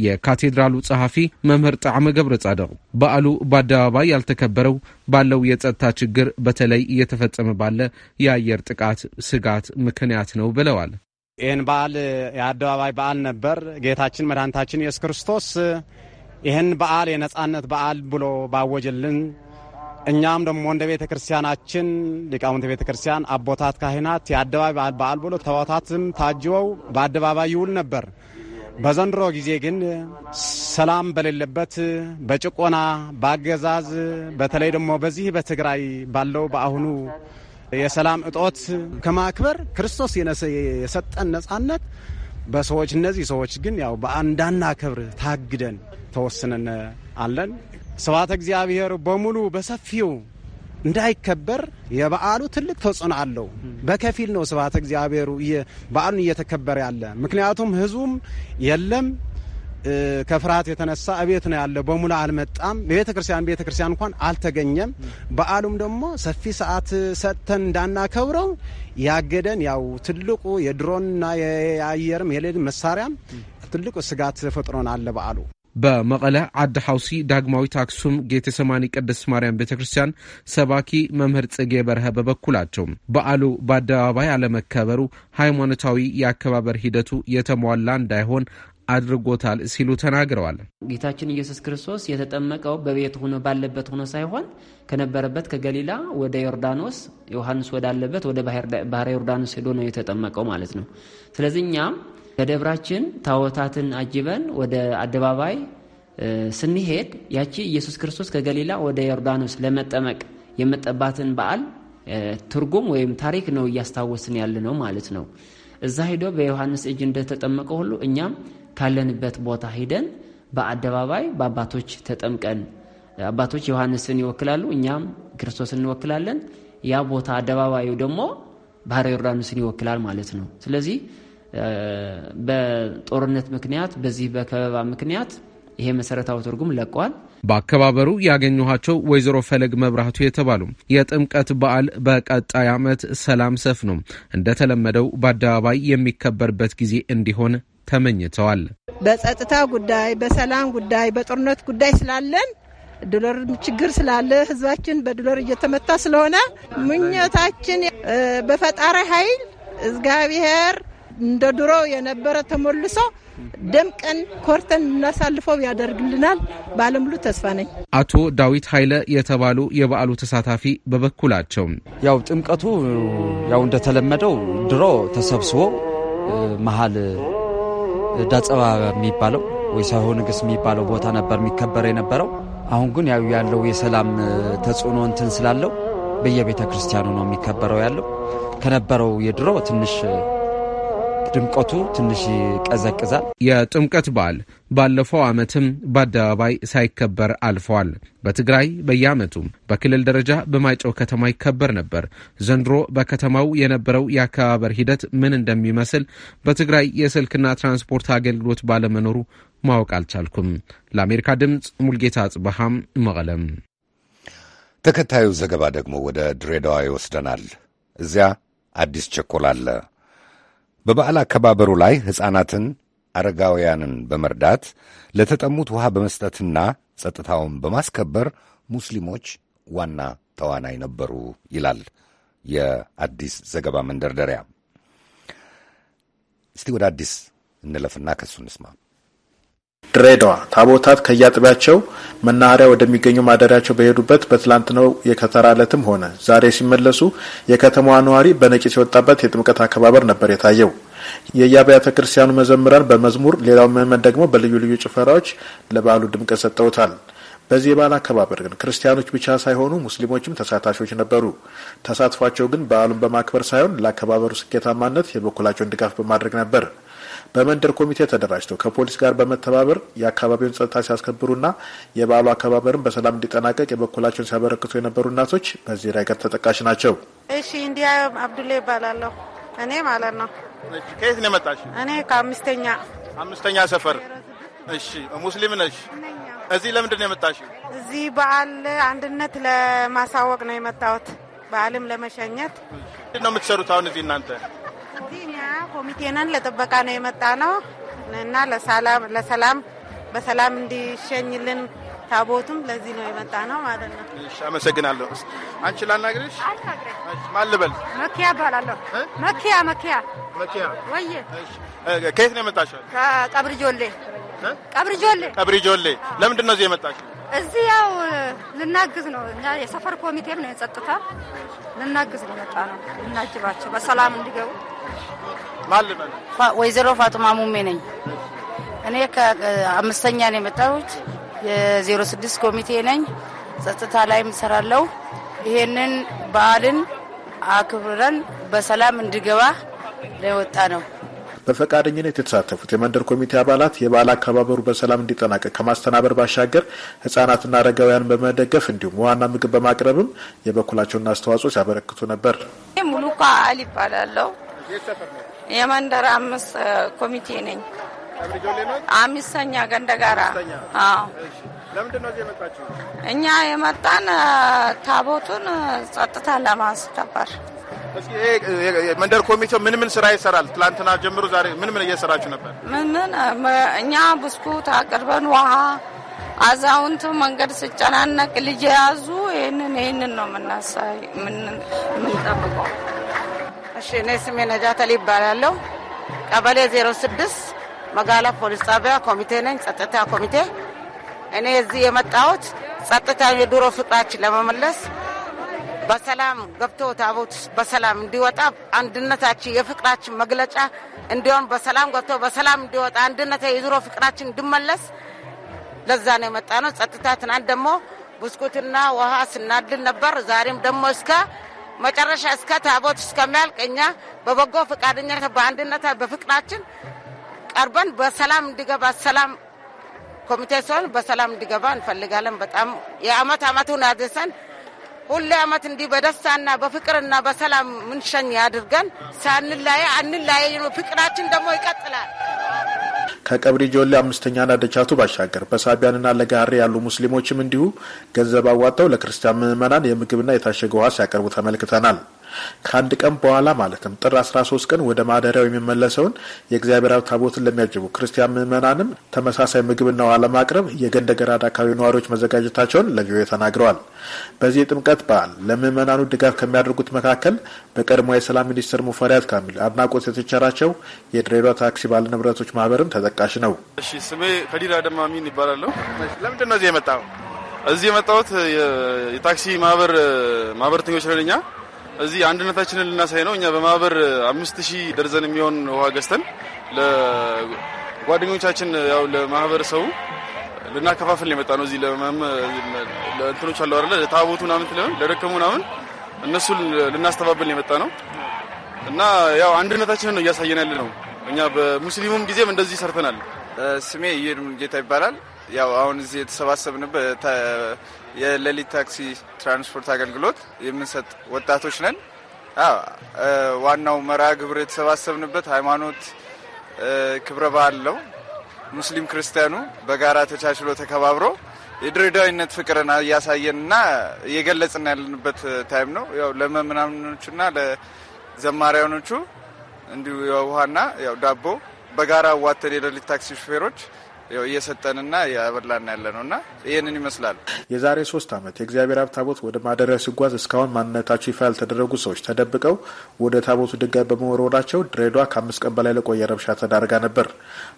የካቴድራሉ ጸሐፊ መምህር ጣዕመ ገብረ ጻድቅ በዓሉ በአደባባይ ያልተከበረው ባለው የጸጥታ ችግር በተለይ እየተፈጸመ ባለ የአየር ጥቃት ስጋት ምክንያት ነው ብለዋል። ይህን በዓል የአደባባይ በዓል ነበር። ጌታችን መድኃኒታችን ኢየሱስ ክርስቶስ ይህን በዓል የነጻነት በዓል ብሎ ባወጀልን እኛም ደግሞ እንደ ቤተ ክርስቲያናችን ሊቃውንት ቤተ ክርስቲያን አቦታት ካህናት የአደባባይ በዓል ብሎ ተባታትም ታጅበው በአደባባይ ይውል ነበር። በዘንድሮ ጊዜ ግን ሰላም በሌለበት በጭቆና በአገዛዝ በተለይ ደግሞ በዚህ በትግራይ ባለው በአሁኑ የሰላም እጦት ከማክበር ክርስቶስ የሰጠን ነጻነት በሰዎች እነዚህ ሰዎች ግን ያው በአንዳና ክብር ታግደን ተወስነን አለን። ስብሐተ እግዚአብሔር በሙሉ በሰፊው እንዳይከበር የበዓሉ ትልቅ ተጽዕኖ አለው። በከፊል ነው ስብሐተ እግዚአብሔሩ በዓሉን እየተከበረ ያለ። ምክንያቱም ህዝቡም የለም ከፍርሃት የተነሳ እቤት ነው ያለው። በሙሉ አልመጣም። ቤተ ክርስቲያን ቤተ ክርስቲያን እንኳን አልተገኘም። በዓሉም ደግሞ ሰፊ ሰዓት ሰጥተን እንዳናከብረው ያገደን ያው ትልቁ የድሮንና የአየርም የሌል መሳሪያም ትልቁ ስጋት ፈጥሮን አለ ለበዓሉ በመቐለ ዓዲ ሓውሲ ዳግማዊት አክሱም ጌተ ሰማኒ ቅድስት ማርያም ቤተ ክርስቲያን ሰባኪ መምህር ጽጌ በርሀ በበኩላቸው በዓሉ በአደባባይ አለመከበሩ ሃይማኖታዊ የአከባበር ሂደቱ የተሟላ እንዳይሆን አድርጎታል ሲሉ ተናግረዋል። ጌታችን ኢየሱስ ክርስቶስ የተጠመቀው በቤት ሆኖ ባለበት ሆኖ ሳይሆን ከነበረበት ከገሊላ ወደ ዮርዳኖስ ዮሐንስ ወዳለበት ወደ ባህረ ዮርዳኖስ ሄዶ ነው የተጠመቀው ማለት ነው። ስለዚህ እኛም ከደብራችን ታወታትን አጅበን ወደ አደባባይ ስንሄድ ያቺ ኢየሱስ ክርስቶስ ከገሊላ ወደ ዮርዳኖስ ለመጠመቅ የመጠባትን በዓል ትርጉም ወይም ታሪክ ነው እያስታወስን ያለ ነው ማለት ነው። እዛ ሂዶ በዮሐንስ እጅ እንደተጠመቀ ሁሉ እኛም ካለንበት ቦታ ሂደን በአደባባይ በአባቶች ተጠምቀን አባቶች ዮሐንስን ይወክላሉ፣ እኛም ክርስቶስን እንወክላለን። ያ ቦታ አደባባዩ ደግሞ ባህረ ዮርዳኖስን ይወክላል ማለት ነው። ስለዚህ በጦርነት ምክንያት በዚህ በከበባ ምክንያት ይሄ መሰረታዊ ትርጉም ለቋል። በአከባበሩ ያገኘኋቸው ወይዘሮ ፈለግ መብራቱ የተባሉ የጥምቀት በዓል በቀጣይ ዓመት ሰላም ሰፍኖ እንደተለመደው በአደባባይ የሚከበርበት ጊዜ እንዲሆን ተመኝተዋል። በጸጥታ ጉዳይ፣ በሰላም ጉዳይ፣ በጦርነት ጉዳይ ስላለን ዶሎር ችግር ስላለ ህዝባችን በዶሎር እየተመታ ስለሆነ ምኞታችን በፈጣሪ ኃይል እግዚአብሔር እንደ ድሮ የነበረ ተሞልሶ ደምቀን ኮርተን እናሳልፈው ያደርግልናል ባለሙሉ ተስፋ ነኝ። አቶ ዳዊት ኃይለ የተባሉ የበዓሉ ተሳታፊ በበኩላቸው ያው ጥምቀቱ ያው እንደተለመደው ድሮ ተሰብስቦ መሀል ዳጸባ የሚባለው ወይ ሳይሆን ንግስ የሚባለው ቦታ ነበር የሚከበር የነበረው። አሁን ግን ያው ያለው የሰላም ተጽዕኖ እንትን ስላለው በየቤተ ክርስቲያኑ ነው የሚከበረው ያለው ከነበረው የድሮ ትንሽ ድምቀቱ ትንሽ ይቀዘቅዛል። የጥምቀት በዓል ባለፈው ዓመትም በአደባባይ ሳይከበር አልፏል። በትግራይ በየዓመቱም በክልል ደረጃ በማይጨው ከተማ ይከበር ነበር። ዘንድሮ በከተማው የነበረው የአከባበር ሂደት ምን እንደሚመስል በትግራይ የስልክና ትራንስፖርት አገልግሎት ባለመኖሩ ማወቅ አልቻልኩም። ለአሜሪካ ድምፅ ሙልጌታ አጽበሃም መቀለም። ተከታዩ ዘገባ ደግሞ ወደ ድሬዳዋ ይወስደናል። እዚያ አዲስ ቸኮል አለ። በበዓል አከባበሩ ላይ ሕፃናትን፣ አረጋውያንን በመርዳት ለተጠሙት ውሃ በመስጠትና ጸጥታውን በማስከበር ሙስሊሞች ዋና ተዋናይ ነበሩ ይላል የአዲስ ዘገባ መንደርደሪያ። እስቲ ወደ አዲስ እንለፍና ከሱ እንስማ። ድሬዳዋ ታቦታት ከየአጥቢያቸው መናኸሪያ ወደሚገኙ ማደሪያቸው በሄዱበት ነው የከተራ ዕለትም ሆነ ዛሬ ሲመለሱ የከተማዋ ነዋሪ በነቂስ የወጣበት የጥምቀት አከባበር ነበር የታየው። የየአብያተ ክርስቲያኑ መዘምራን በመዝሙር ሌላው ምዕመን ደግሞ በልዩ ልዩ ጭፈራዎች ለበዓሉ ድምቀት ሰጠውታል። በዚህ የበዓል አከባበር ግን ክርስቲያኖች ብቻ ሳይሆኑ ሙስሊሞችም ተሳታፊዎች ነበሩ። ተሳትፏቸው ግን በዓሉን በማክበር ሳይሆን ለአከባበሩ ስኬታማነት የበኩላቸውን ድጋፍ በማድረግ ነበር። በመንደር ኮሚቴ ተደራጅተው ከፖሊስ ጋር በመተባበር የአካባቢውን ጸጥታ ሲያስከብሩና የበዓሉ አከባበርን በሰላም እንዲጠናቀቅ የበኩላቸውን ሲያበረክቱ የነበሩ እናቶች በዚህ ረገድ ተጠቃሽ ናቸው። እሺ እንዲያ አብዱላ ይባላለሁ እኔ ማለት ነው። ከየት ነው የመጣሽ? እኔ ከአምስተኛ አምስተኛ ሰፈር። እሺ ሙስሊም ነሽ? እዚህ ለምንድን ነው የመጣሽ? እዚህ በዓል አንድነት ለማሳወቅ ነው የመጣሁት። በዓልም ለመሸኘት ነው የምትሰሩት አሁን እዚህ እናንተ ኮሚቴነን ለጥበቃ ነው የመጣ ነው እና ለሰላም በሰላም እንዲሸኝልን ታቦቱም ለዚህ ነው የመጣ ነው ማለት ነው። አመሰግናለሁ። አንቺ ላናግርሽ ማን ልበል? መኪያ እባላለሁ። መኪያ መኪያ መኪያ ወይ ከየት ነው የመጣሽው? ከቀብሪ ጆሌ ቀብሪ ጆሌ ቀብሪ ጆሌ። ለምንድን ነው እዚህ የመጣሽ? እዚህ ያው ልናግዝ ነው እኛ የሰፈር ኮሚቴም ነው የጸጥታ ልናግዝ ነው የመጣ ነው። ልናጅባቸው በሰላም እንዲገቡ ወይዘሮ ፋጡማ ሙሜ ነኝ። እኔ ከአምስተኛ ነው የመጣሁት። የዜሮ ስድስት ኮሚቴ ነኝ። ጸጥታ ላይም እሰራለሁ። ይሄንን በዓልን አክብረን በሰላም እንዲገባ ለወጣ ነው። በፈቃደኝነት የተሳተፉት የመንደር ኮሚቴ አባላት የበዓል አከባበሩ በሰላም እንዲጠናቀቅ ከማስተናበር ባሻገር ህጻናትና አረጋውያን በመደገፍ እንዲሁም ዋና ምግብ በማቅረብም የበኩላቸውን አስተዋጽኦ ሲያበረክቱ ነበር። ሙሉካ አል ይባላለሁ የመንደር አምስት ኮሚቴ ነኝ። አምስተኛ ገንደ ጋራ። አዎ እኛ የመጣን ታቦቱን ጸጥታ ለማስከበር። መንደር ኮሚቴው ምን ምን ስራ ይሰራል? ትላንትና ጀምሮ ዛሬ ምን ምን እየሰራችሁ ነበር? ምን ምን እኛ ብስኩት አቅርበን ውሃ፣ አዛውንቱ መንገድ ስጨናነቅ ልጅ የያዙ ይህንን ይህንን ነው የምንጠብቀው። እሺ እኔ ስሜ ነጃት አሊ ይባላለሁ። ቀበሌ ስድስት መጋላ ፖሊስ ጣቢያ ኮሚቴ ነኝ፣ ጸጥታ ኮሚቴ። እኔ እዚህ የመጣሁት ጸጥታ የድሮ ፍቅራችን ለመመለስ በሰላም ገብቶ ታቦት በሰላም እንዲወጣ አንድነታችን የፍቅራችን መግለጫ እንዲሆን በሰላም ገብቶ በሰላም እንዲወጣ አንድነት የድሮ ፍቅራችን እንዲመለስ ለዛ ነው የመጣ ነው። ጸጥታ ትናንት ደግሞ ብስኩትና ውሃ ስናድል ነበር። ዛሬም ደግሞ እስከ መጨረሻ እስከ ታቦት እስከሚያልቅ እኛ በበጎ ፈቃደኛ በአንድነት በፍቅራችን ቀርበን በሰላም እንዲገባ ሰላም ኮሚቴ ሲሆን በሰላም እንዲገባ እንፈልጋለን። በጣም የአመት አመቱን አድርሰን ሁሌ አመት እንዲህ በደስታና በፍቅርና በሰላም ምንሸኝ አድርገን ሳንላየ አንላየ ፍቅራችን ደግሞ ይቀጥላል። ከቀብሪ ጆሌ አምስተኛና ደቻቱ ባሻገር በሳቢያንና ለጋሪ ያሉ ሙስሊሞችም እንዲሁ ገንዘብ አዋጣው ለክርስቲያን ምዕመናን የምግብና የታሸገ ውሃ ሲያቀርቡ ተመልክተናል። ከአንድ ቀን በኋላ ማለትም ጥር 13 ቀን ወደ ማደሪያው የሚመለሰውን የእግዚአብሔር ታቦትን ለሚያጅቡ ክርስቲያን ምዕመናንም ተመሳሳይ ምግብና ውሃ ለማቅረብ የገንደ ገራዳ አካባቢ ነዋሪዎች መዘጋጀታቸውን ለቪኦኤ ተናግረዋል። በዚህ የጥምቀት በዓል ለምዕመናኑ ድጋፍ ከሚያደርጉት መካከል በቀድሞ የሰላም ሚኒስትር ሙፈሪያት ካሚል አድናቆት የተቸራቸው የድሬዳዋ ታክሲ ባለንብረቶች ማህበርም ተጠቃሽ ነው። እሺ፣ ስሜ ከዲራ ደማሚን ይባላለሁ። ለምንድን ነው እዚህ የመጣው? እዚህ የመጣሁት የታክሲ ማህበር ማህበርተኞች ነን እኛ እዚህ አንድነታችንን ልናሳይ ነው። እኛ በማህበር አምስት ሺህ ደርዘን የሚሆን ውሃ ገዝተን ለጓደኞቻችን ያው ለማህበረሰቡ ልናከፋፍል የመጣ ነው። እዚህ ለእንትኖች አለ አለ ለታቦቱ ምናምን ሊሆን ለደከሙ ምናምን እነሱን ልናስተባብል የመጣ ነው እና ያው አንድነታችንን ነው እያሳየን ያለ ነው። እኛ በሙስሊሙም ጊዜም እንደዚህ ሰርተናል። ስሜ ይሄድ ጌታ ይባላል። ያው አሁን እዚህ የተሰባሰብንበት የሌሊት ታክሲ ትራንስፖርት አገልግሎት የምንሰጥ ወጣቶች ነን። ዋናው መርሃ ግብር የተሰባሰብንበት ሃይማኖት ክብረ በዓል ነው። ሙስሊም ክርስቲያኑ በጋራ ተቻችሎ ተከባብሮ የድሬዳዊነት ፍቅርን እያሳየንና እየገለጽን ያለንበት ታይም ነው። ያው ለመምናምኖቹና ለዘማሪያኖቹ እንዲሁ የውሃና ያው ዳቦ በጋራ ዋተን የሌሊት ታክሲ ሹፌሮች እየሰጠንና እያበላን ያለ ነው እና ይህንን ይመስላል። የዛሬ ሶስት ዓመት የእግዚአብሔር ሀብ ታቦት ወደ ማደሪያ ሲጓዝ እስካሁን ማንነታቸው ይፋ ያልተደረጉ ሰዎች ተደብቀው ወደ ታቦቱ ድንጋይ በመወርወራቸው ድሬዷ ከአምስት ቀን በላይ ለቆየ ረብሻ ተዳርጋ ነበር።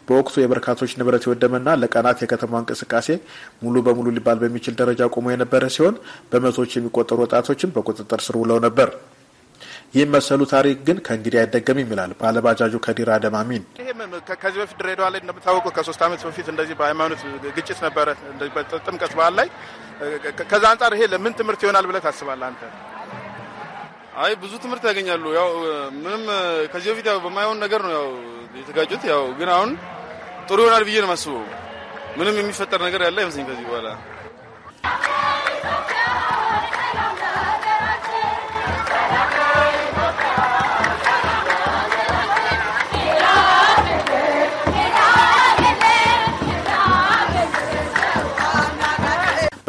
በወቅቱ የበርካቶች ንብረት የወደመና ለቀናት የከተማ እንቅስቃሴ ሙሉ በሙሉ ሊባል በሚችል ደረጃ ቆሞ የነበረ ሲሆን በመቶዎች የሚቆጠሩ ወጣቶችም በቁጥጥር ስር ውለው ነበር። ይህም መሰሉ ታሪክ ግን ከእንግዲህ አይደገም ይላል ባለባጃጁ ከዲር አደማሚን። ይህም ከዚህ በፊት ድሬዳዋ ላይ እንደምታወቁ ከሶስት ዓመት በፊት እንደዚህ በሃይማኖት ግጭት ነበረ በጥምቀት በዓል ላይ። ከዛ አንጻር ይሄ ለምን ትምህርት ይሆናል ብለህ ታስባለህ አንተ? አይ ብዙ ትምህርት ያገኛሉ። ያው ምንም ከዚህ በፊት ያው በማይሆን ነገር ነው ያው የተጋጩት። ያው ግን አሁን ጥሩ ይሆናል ብዬ ነው የማስበው። ምንም የሚፈጠር ነገር ያለ አይመስለኝ ከዚህ በኋላ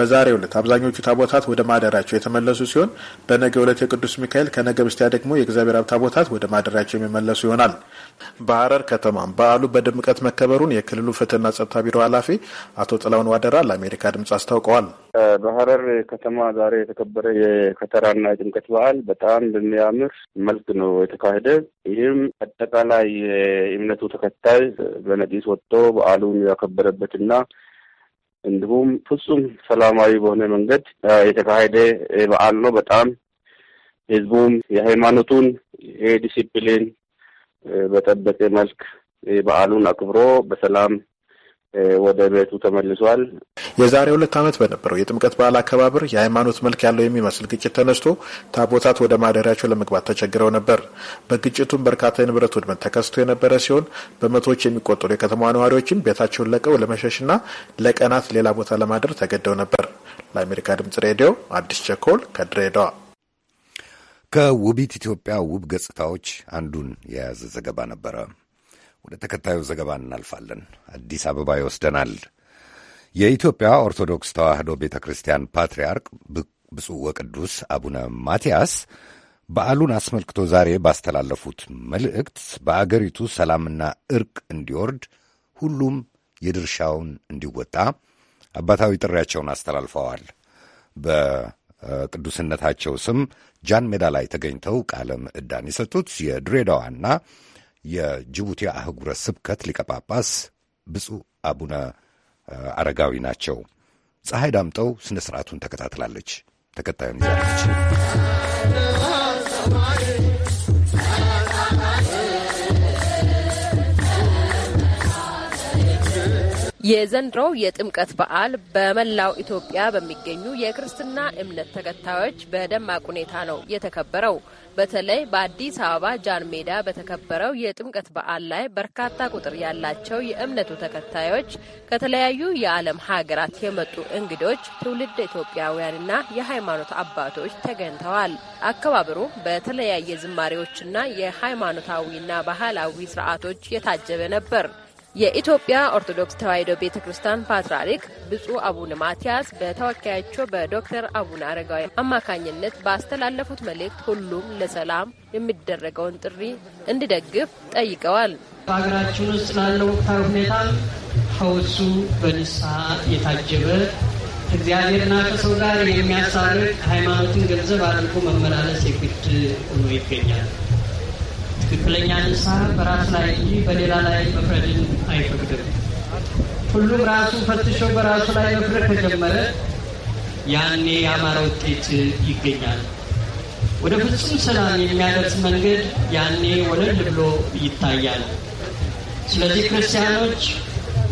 በዛሬ ዕለት አብዛኞቹ ታቦታት ወደ ማደሪያቸው የተመለሱ ሲሆን በነገ ዕለት የቅዱስ ሚካኤል ከነገ በስቲያ ደግሞ የእግዚአብሔር አብ ታቦታት ወደ ማደሪያቸው የሚመለሱ ይሆናል። በሀረር ከተማም በዓሉ በድምቀት መከበሩን የክልሉ ፍትህና ጸጥታ ቢሮ ኃላፊ አቶ ጥላውን ዋደራ ለአሜሪካ ድምጽ አስታውቀዋል። በሀረር ከተማ ዛሬ የተከበረ የከተራና የጥምቀት በዓል በጣም በሚያምር መልክ ነው የተካሄደ። ይህም አጠቃላይ የእምነቱ ተከታይ በነጢስ ወጥቶ በዓሉን ያከበረበትና እንዲሁም ፍጹም ሰላማዊ በሆነ መንገድ የተካሄደ በዓል ነው። በጣም ህዝቡም የሃይማኖቱን የዲሲፕሊን በጠበቀ መልክ በዓሉን አክብሮ በሰላም ወደ ቤቱ ተመልሷል። የዛሬ ሁለት ዓመት በነበረው የጥምቀት በዓል አከባበር የሃይማኖት መልክ ያለው የሚመስል ግጭት ተነስቶ ታቦታት ወደ ማደሪያቸው ለመግባት ተቸግረው ነበር። በግጭቱም በርካታ የንብረት ውድመት ተከስቶ የነበረ ሲሆን በመቶዎች የሚቆጠሩ የከተማ ነዋሪዎችም ቤታቸውን ለቀው ለመሸሽና ለቀናት ሌላ ቦታ ለማደር ተገደው ነበር። ለአሜሪካ ድምጽ ሬዲዮ አዲስ ቸኮል ከድሬዳዋ። ከውቢት ኢትዮጵያ ውብ ገጽታዎች አንዱን የያዘ ዘገባ ነበረ። ወደ ተከታዩ ዘገባ እናልፋለን። አዲስ አበባ ይወስደናል። የኢትዮጵያ ኦርቶዶክስ ተዋሕዶ ቤተ ክርስቲያን ፓትርያርክ ብፁዕ ወቅዱስ አቡነ ማትያስ በዓሉን አስመልክቶ ዛሬ ባስተላለፉት መልእክት በአገሪቱ ሰላምና እርቅ እንዲወርድ ሁሉም የድርሻውን እንዲወጣ አባታዊ ጥሪያቸውን አስተላልፈዋል። በቅዱስነታቸው ስም ጃን ሜዳ ላይ ተገኝተው ቃለ ምዕዳን የሰጡት የድሬዳዋና የጅቡቲ አህጉረ ስብከት ሊቀጳጳስ ብፁዕ አቡነ አረጋዊ ናቸው። ፀሐይ ዳምጠው ስነ ስርዓቱን ተከታትላለች። ተከታዩን ይዛለች። የዘንድሮው የጥምቀት በዓል በመላው ኢትዮጵያ በሚገኙ የክርስትና እምነት ተከታዮች በደማቅ ሁኔታ ነው የተከበረው። በተለይ በአዲስ አበባ ጃን ሜዳ በተከበረው የጥምቀት በዓል ላይ በርካታ ቁጥር ያላቸው የእምነቱ ተከታዮች፣ ከተለያዩ የዓለም ሀገራት የመጡ እንግዶች፣ ትውልድ ኢትዮጵያውያንና የሃይማኖት አባቶች ተገኝተዋል። አከባበሩ በተለያየ ዝማሬዎችና የሃይማኖታዊና ባህላዊ ስርዓቶች የታጀበ ነበር። የኢትዮጵያ ኦርቶዶክስ ተዋሕዶ ቤተ ክርስቲያን ፓትርያርክ ብፁዕ አቡነ ማትያስ በተወካያቸው በዶክተር አቡነ አረጋዊ አማካኝነት ባስተላለፉት መልእክት ሁሉም ለሰላም የሚደረገውን ጥሪ እንዲደግፍ ጠይቀዋል። በሀገራችን ውስጥ ላለው ወቅታዊ ሁኔታ ፈውሱ በንስሐ የታጀበ እግዚአብሔርና ከሰው ጋር የሚያሳርቅ ሃይማኖትን ገንዘብ አድርጎ መመላለስ የግድ ሆኖ ይገኛል። ትክክለኛ ንስሐ በራስ ላይ እንጂ በሌላ ላይ መፍረድን አይፈቅድም። ሁሉም ራሱ ፈትሾ በራሱ ላይ መፍረድ ከጀመረ ያኔ የአማረ ውጤት ይገኛል። ወደ ፍጹም ሰላም የሚያደርስ መንገድ ያኔ ወለል ብሎ ይታያል። ስለዚህ ክርስቲያኖች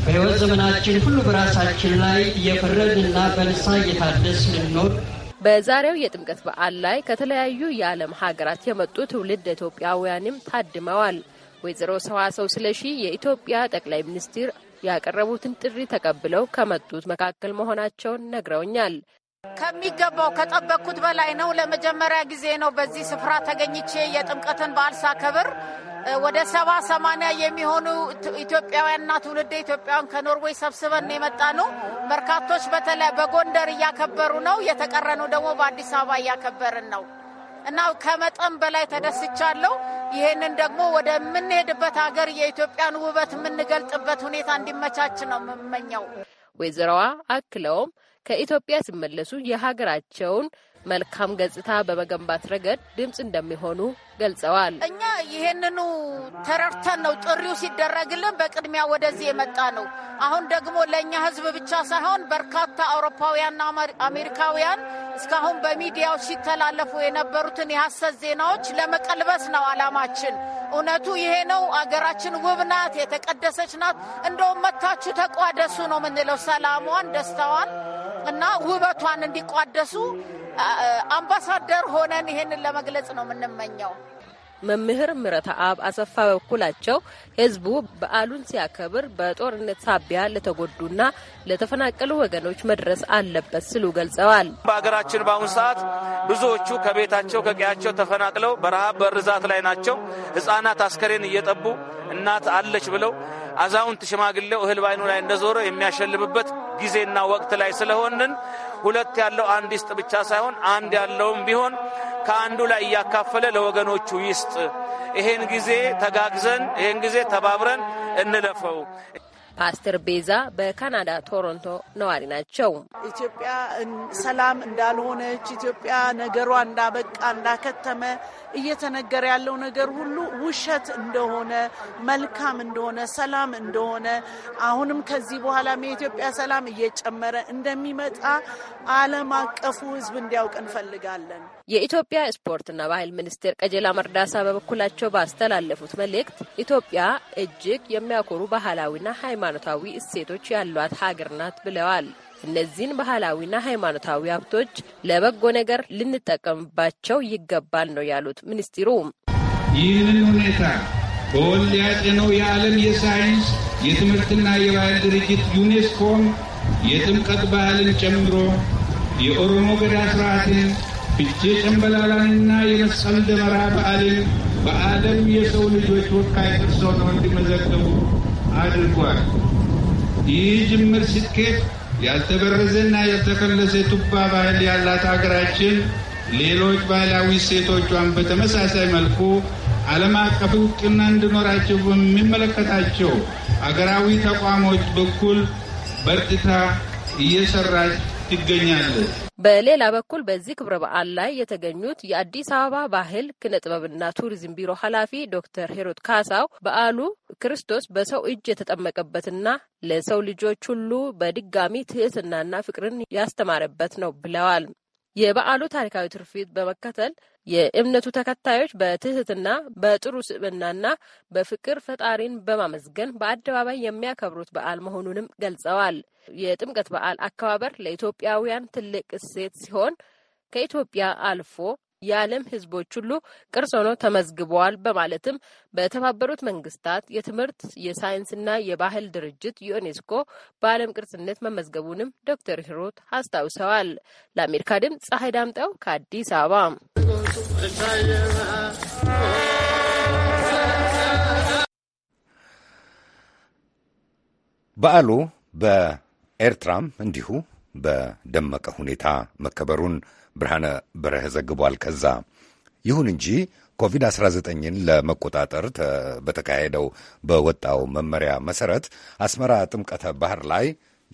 በሕይወት ዘመናችን ሁሉ በራሳችን ላይ እየፈረድ እና በንስሐ እየታደስ ልንኖር በዛሬው የጥምቀት በዓል ላይ ከተለያዩ የዓለም ሀገራት የመጡ ትውልድ ኢትዮጵያውያንም ታድመዋል። ወይዘሮ ሰዋሰው ስለሺ የኢትዮጵያ ጠቅላይ ሚኒስትር ያቀረቡትን ጥሪ ተቀብለው ከመጡት መካከል መሆናቸውን ነግረውኛል። ከሚገባው ከጠበቅኩት በላይ ነው። ለመጀመሪያ ጊዜ ነው በዚህ ስፍራ ተገኝቼ የጥምቀትን በዓል ሳከብር ወደ ሰባ ሰማንያ የሚሆኑ ኢትዮጵያውያንና ትውልደ ኢትዮጵያውያን ከኖርዌይ ሰብስበን የመጣ ነው። በርካቶች በተለይ በጎንደር እያከበሩ ነው። የተቀረኑ ደግሞ በአዲስ አበባ እያከበርን ነው እና ከመጠን በላይ ተደስቻለሁ። ይህንን ደግሞ ወደምንሄድበት ሀገር የኢትዮጵያን ውበት የምንገልጥበት ሁኔታ እንዲመቻች ነው የምመኘው። ወይዘሮዋ አክለውም ከኢትዮጵያ ሲመለሱ የሀገራቸውን መልካም ገጽታ በመገንባት ረገድ ድምፅ እንደሚሆኑ ገልጸዋል። እኛ ይህንኑ ተረድተን ነው ጥሪው ሲደረግልን በቅድሚያ ወደዚህ የመጣ ነው። አሁን ደግሞ ለእኛ ህዝብ ብቻ ሳይሆን በርካታ አውሮፓውያንና አሜሪካውያን እስካሁን በሚዲያው ሲተላለፉ የነበሩትን የሐሰት ዜናዎች ለመቀልበስ ነው አላማችን። እውነቱ ይሄ ነው። አገራችን ውብ ናት፣ የተቀደሰች ናት። እንደውም መታችሁ ተቋደሱ ነው የምንለው ሰላሟን፣ ደስታዋን እና ውበቷን እንዲቋደሱ አምባሳደር ሆነን ይሄንን ለመግለጽ ነው የምንመኘው። መምህር ምረተ አብ አሰፋ በኩላቸው ህዝቡ በዓሉን ሲያከብር በጦርነት ሳቢያ ለተጎዱና ለተፈናቀሉ ወገኖች መድረስ አለበት ሲሉ ገልጸዋል። በሀገራችን በአሁኑ ሰዓት ብዙዎቹ ከቤታቸው ከቀያቸው ተፈናቅለው በረሃብ በርዛት ላይ ናቸው። ህጻናት አስከሬን እየጠቡ እናት አለች ብለው አዛውንት ሽማግሌው እህል ባይኑ ላይ እንደዞረ የሚያሸልብበት ጊዜና ወቅት ላይ ስለሆንን ሁለት ያለው አንድ ይስጥ ብቻ ሳይሆን አንድ ያለውም ቢሆን ከአንዱ ላይ እያካፈለ ለወገኖቹ ይስጥ። ይሄን ጊዜ ተጋግዘን፣ ይሄን ጊዜ ተባብረን እንለፈው። ፓስተር ቤዛ በካናዳ ቶሮንቶ ነዋሪ ናቸው። ኢትዮጵያ ሰላም እንዳልሆነች፣ ኢትዮጵያ ነገሯ እንዳበቃ እንዳከተመ እየተነገረ ያለው ነገር ሁሉ ውሸት እንደሆነ፣ መልካም እንደሆነ፣ ሰላም እንደሆነ አሁንም ከዚህ በኋላም የኢትዮጵያ ሰላም እየጨመረ እንደሚመጣ ዓለም አቀፉ ሕዝብ እንዲያውቅ እንፈልጋለን። የኢትዮጵያ ስፖርትና ባህል ሚኒስቴር ቀጀላ መርዳሳ በበኩላቸው ባስተላለፉት መልእክት ኢትዮጵያ እጅግ የሚያኮሩ ባህላዊና ሃይማኖታዊ እሴቶች ያሏት ሀገር ናት ብለዋል። እነዚህን ባህላዊና ሃይማኖታዊ ሀብቶች ለበጎ ነገር ልንጠቀምባቸው ይገባል ነው ያሉት ሚኒስትሩ። ይህንን ሁኔታ በወል ያጤነው የዓለም የሳይንስ የትምህርትና የባህል ድርጅት ዩኔስኮም የጥምቀት ባህልን ጨምሮ የኦሮሞ ገዳ ስርዓትን ፍቼ ጨንበላላንና የመስቀል ደመራ በዓልን በዓለም የሰው ልጆች ወካይ ቅርሰው ነው እንዲመዘገቡ አድርጓል። ይህ ጅምር ስኬት ያልተበረዘና ያልተከለሰ ቱባ ባህል ያላት ሀገራችን ሌሎች ባህላዊ ሴቶቿን በተመሳሳይ መልኩ ዓለም አቀፍ እውቅና እንዲኖራቸው በሚመለከታቸው አገራዊ ተቋሞች በኩል በርትታ እየሰራች ትገኛለች። በሌላ በኩል በዚህ ክብረ በዓል ላይ የተገኙት የአዲስ አበባ ባህል ክነ ጥበብና ቱሪዝም ቢሮ ኃላፊ ዶክተር ሄሮት ካሳው በዓሉ ክርስቶስ በሰው እጅ የተጠመቀበትና ለሰው ልጆች ሁሉ በድጋሚ ትህትናና ፍቅርን ያስተማረበት ነው ብለዋል። የበዓሉ ታሪካዊ ትርፊት በመከተል የእምነቱ ተከታዮች በትህትና በጥሩ ስብዕናና በፍቅር ፈጣሪን በማመስገን በአደባባይ የሚያከብሩት በዓል መሆኑንም ገልጸዋል። የጥምቀት በዓል አከባበር ለኢትዮጵያውያን ትልቅ እሴት ሲሆን ከኢትዮጵያ አልፎ የዓለም ሕዝቦች ሁሉ ቅርስ ሆኖ ተመዝግበዋል በማለትም በተባበሩት መንግስታት የትምህርት የሳይንስና የባህል ድርጅት ዩኔስኮ በዓለም ቅርስነት መመዝገቡንም ዶክተር ሂሩት አስታውሰዋል። ለአሜሪካ ድምፅ ፀሐይ ዳምጠው ከአዲስ አበባ። በዓሉ በ ኤርትራም እንዲሁ በደመቀ ሁኔታ መከበሩን ብርሃነ በረህ ዘግቧል። ከዛ ይሁን እንጂ ኮቪድ-19ን ለመቆጣጠር በተካሄደው በወጣው መመሪያ መሰረት አስመራ ጥምቀተ ባህር ላይ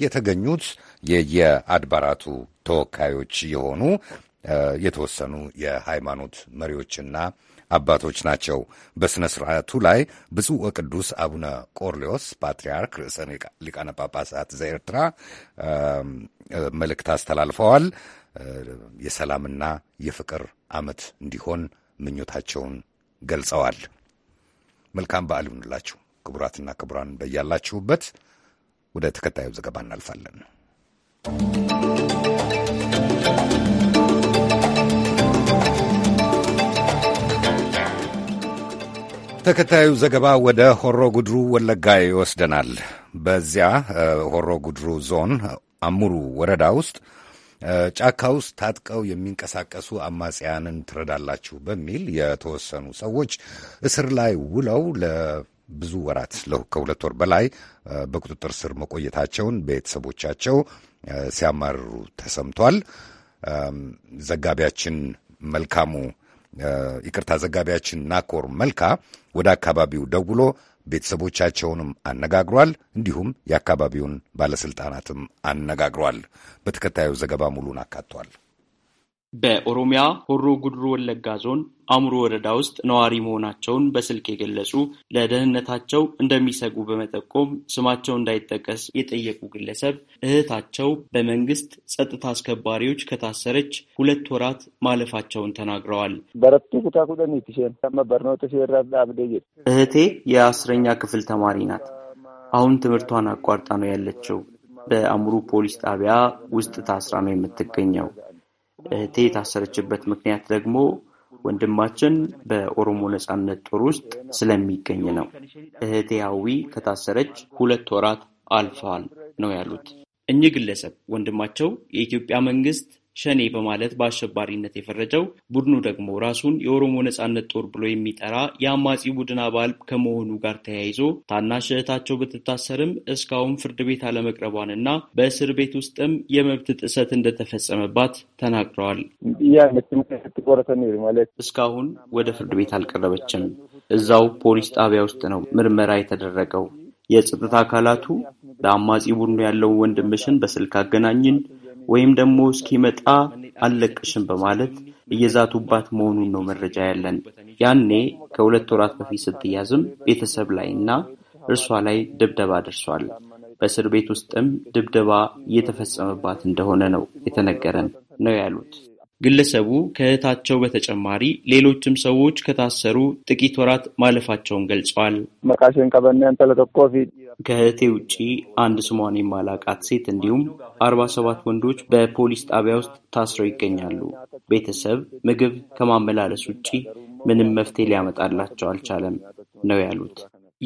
የተገኙት የየአድባራቱ ተወካዮች የሆኑ የተወሰኑ የሃይማኖት መሪዎችና አባቶች ናቸው። በሥነ ሥርዓቱ ላይ ብፁዕ ወቅዱስ አቡነ ቆርሌዎስ ፓትርያርክ ርዕሰ ሊቃነ ጳጳሳት ዘኤርትራ መልእክት አስተላልፈዋል። የሰላምና የፍቅር ዓመት እንዲሆን ምኞታቸውን ገልጸዋል። መልካም በዓል ይሁንላችሁ ክቡራትና ክቡራን በያላችሁበት። ወደ ተከታዩ ዘገባ እናልፋለን። ተከታዩ ዘገባ ወደ ሆሮ ጉድሩ ወለጋ ይወስደናል። በዚያ ሆሮ ጉድሩ ዞን አሙሩ ወረዳ ውስጥ ጫካ ውስጥ ታጥቀው የሚንቀሳቀሱ አማጽያንን ትረዳላችሁ በሚል የተወሰኑ ሰዎች እስር ላይ ውለው ለብዙ ወራት ከሁለት ወር በላይ በቁጥጥር ስር መቆየታቸውን ቤተሰቦቻቸው ሲያማርሩ ተሰምቷል። ዘጋቢያችን መልካሙ ይቅርታ፣ ዘጋቢያችን ናኮር መልካ ወደ አካባቢው ደውሎ ቤተሰቦቻቸውንም አነጋግሯል። እንዲሁም የአካባቢውን ባለሥልጣናትም አነጋግሯል። በተከታዩ ዘገባ ሙሉን አካቷል። በኦሮሚያ ሆሮ ጉድሩ ወለጋ ዞን አሙሩ ወረዳ ውስጥ ነዋሪ መሆናቸውን በስልክ የገለጹ ለደህንነታቸው እንደሚሰጉ በመጠቆም ስማቸው እንዳይጠቀስ የጠየቁ ግለሰብ እህታቸው በመንግስት ጸጥታ አስከባሪዎች ከታሰረች ሁለት ወራት ማለፋቸውን ተናግረዋል። እህቴ የአስረኛ ክፍል ተማሪ ናት። አሁን ትምህርቷን አቋርጣ ነው ያለችው። በአሙሩ ፖሊስ ጣቢያ ውስጥ ታስራ ነው የምትገኘው። እህቴ የታሰረችበት ምክንያት ደግሞ ወንድማችን በኦሮሞ ነጻነት ጦር ውስጥ ስለሚገኝ ነው። እህቴ አዊ ከታሰረች ሁለት ወራት አልፈዋል ነው ያሉት እኚህ ግለሰብ። ወንድማቸው የኢትዮጵያ መንግስት ሸኔ በማለት በአሸባሪነት የፈረጀው ቡድኑ ደግሞ ራሱን የኦሮሞ ነጻነት ጦር ብሎ የሚጠራ የአማጺ ቡድን አባል ከመሆኑ ጋር ተያይዞ ታናሽ እህታቸው ብትታሰርም እስካሁን ፍርድ ቤት አለመቅረቧንና በእስር ቤት ውስጥም የመብት ጥሰት እንደተፈጸመባት ተናግረዋል። እስካሁን ወደ ፍርድ ቤት አልቀረበችም። እዛው ፖሊስ ጣቢያ ውስጥ ነው ምርመራ የተደረገው። የጸጥታ አካላቱ ለአማጺ ቡድኑ ያለውን ወንድምሽን በስልክ አገናኝን ወይም ደግሞ እስኪመጣ አልለቅሽም በማለት እየዛቱባት መሆኑን ነው መረጃ ያለን። ያኔ ከሁለት ወራት በፊት ስትያዝም ቤተሰብ ላይ እና እርሷ ላይ ድብደባ ደርሷል። በእስር ቤት ውስጥም ድብደባ እየተፈጸመባት እንደሆነ ነው የተነገረን ነው ያሉት። ግለሰቡ ከእህታቸው በተጨማሪ ሌሎችም ሰዎች ከታሰሩ ጥቂት ወራት ማለፋቸውን ገልጸዋል። ከእህቴ ውጪ አንድ ስሟን የማላቃት ሴት እንዲሁም አርባ ሰባት ወንዶች በፖሊስ ጣቢያ ውስጥ ታስረው ይገኛሉ። ቤተሰብ ምግብ ከማመላለስ ውጪ ምንም መፍትሄ ሊያመጣላቸው አልቻለም ነው ያሉት።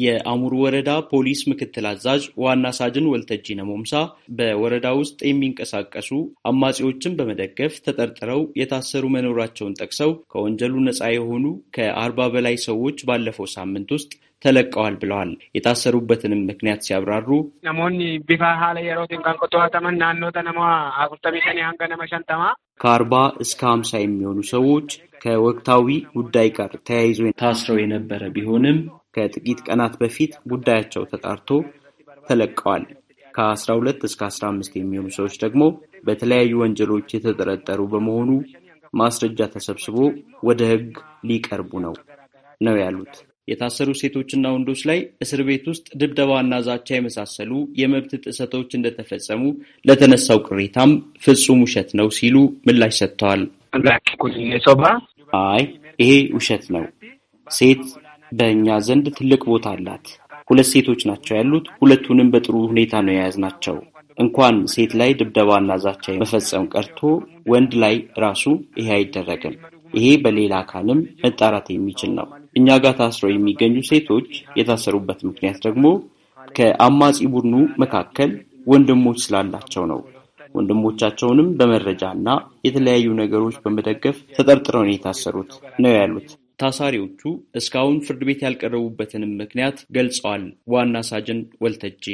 የአሙር ወረዳ ፖሊስ ምክትል አዛዥ ዋና ሳጅን ወልተጂ ነሞምሳ በወረዳ ውስጥ የሚንቀሳቀሱ አማጺዎችን በመደገፍ ተጠርጥረው የታሰሩ መኖራቸውን ጠቅሰው ከወንጀሉ ነፃ የሆኑ ከአርባ በላይ ሰዎች ባለፈው ሳምንት ውስጥ ተለቀዋል ብለዋል። የታሰሩበትንም ምክንያት ሲያብራሩ ነሞኒ ቢፋ ሀለ የሮቲን ቀንቆተዋተመን ናኖተ ነማ አቁርተሚሸኔ አንገ ከአርባ እስከ ሀምሳ የሚሆኑ ሰዎች ከወቅታዊ ጉዳይ ጋር ተያይዞ ታስረው የነበረ ቢሆንም ከጥቂት ቀናት በፊት ጉዳያቸው ተጣርቶ ተለቀዋል። ከ12 እስከ 15 የሚሆኑ ሰዎች ደግሞ በተለያዩ ወንጀሎች የተጠረጠሩ በመሆኑ ማስረጃ ተሰብስቦ ወደ ሕግ ሊቀርቡ ነው ነው ያሉት። የታሰሩ ሴቶችና ወንዶች ላይ እስር ቤት ውስጥ ድብደባና ዛቻ የመሳሰሉ የመብት ጥሰቶች እንደተፈጸሙ ለተነሳው ቅሬታም ፍጹም ውሸት ነው ሲሉ ምላሽ ሰጥተዋል። አይ ይሄ ውሸት ነው። ሴት በእኛ ዘንድ ትልቅ ቦታ አላት። ሁለት ሴቶች ናቸው ያሉት። ሁለቱንም በጥሩ ሁኔታ ነው የያዝናቸው። እንኳን ሴት ላይ ድብደባና ዛቻ መፈጸም ቀርቶ ወንድ ላይ ራሱ ይሄ አይደረግም። ይሄ በሌላ አካልም መጣራት የሚችል ነው። እኛ ጋር ታስረው የሚገኙ ሴቶች የታሰሩበት ምክንያት ደግሞ ከአማጺ ቡድኑ መካከል ወንድሞች ስላላቸው ነው። ወንድሞቻቸውንም በመረጃና የተለያዩ ነገሮች በመደገፍ ተጠርጥረው ነው የታሰሩት ነው ያሉት። ታሳሪዎቹ እስካሁን ፍርድ ቤት ያልቀረቡበትንም ምክንያት ገልጸዋል። ዋና ሳጅን ወልተጂ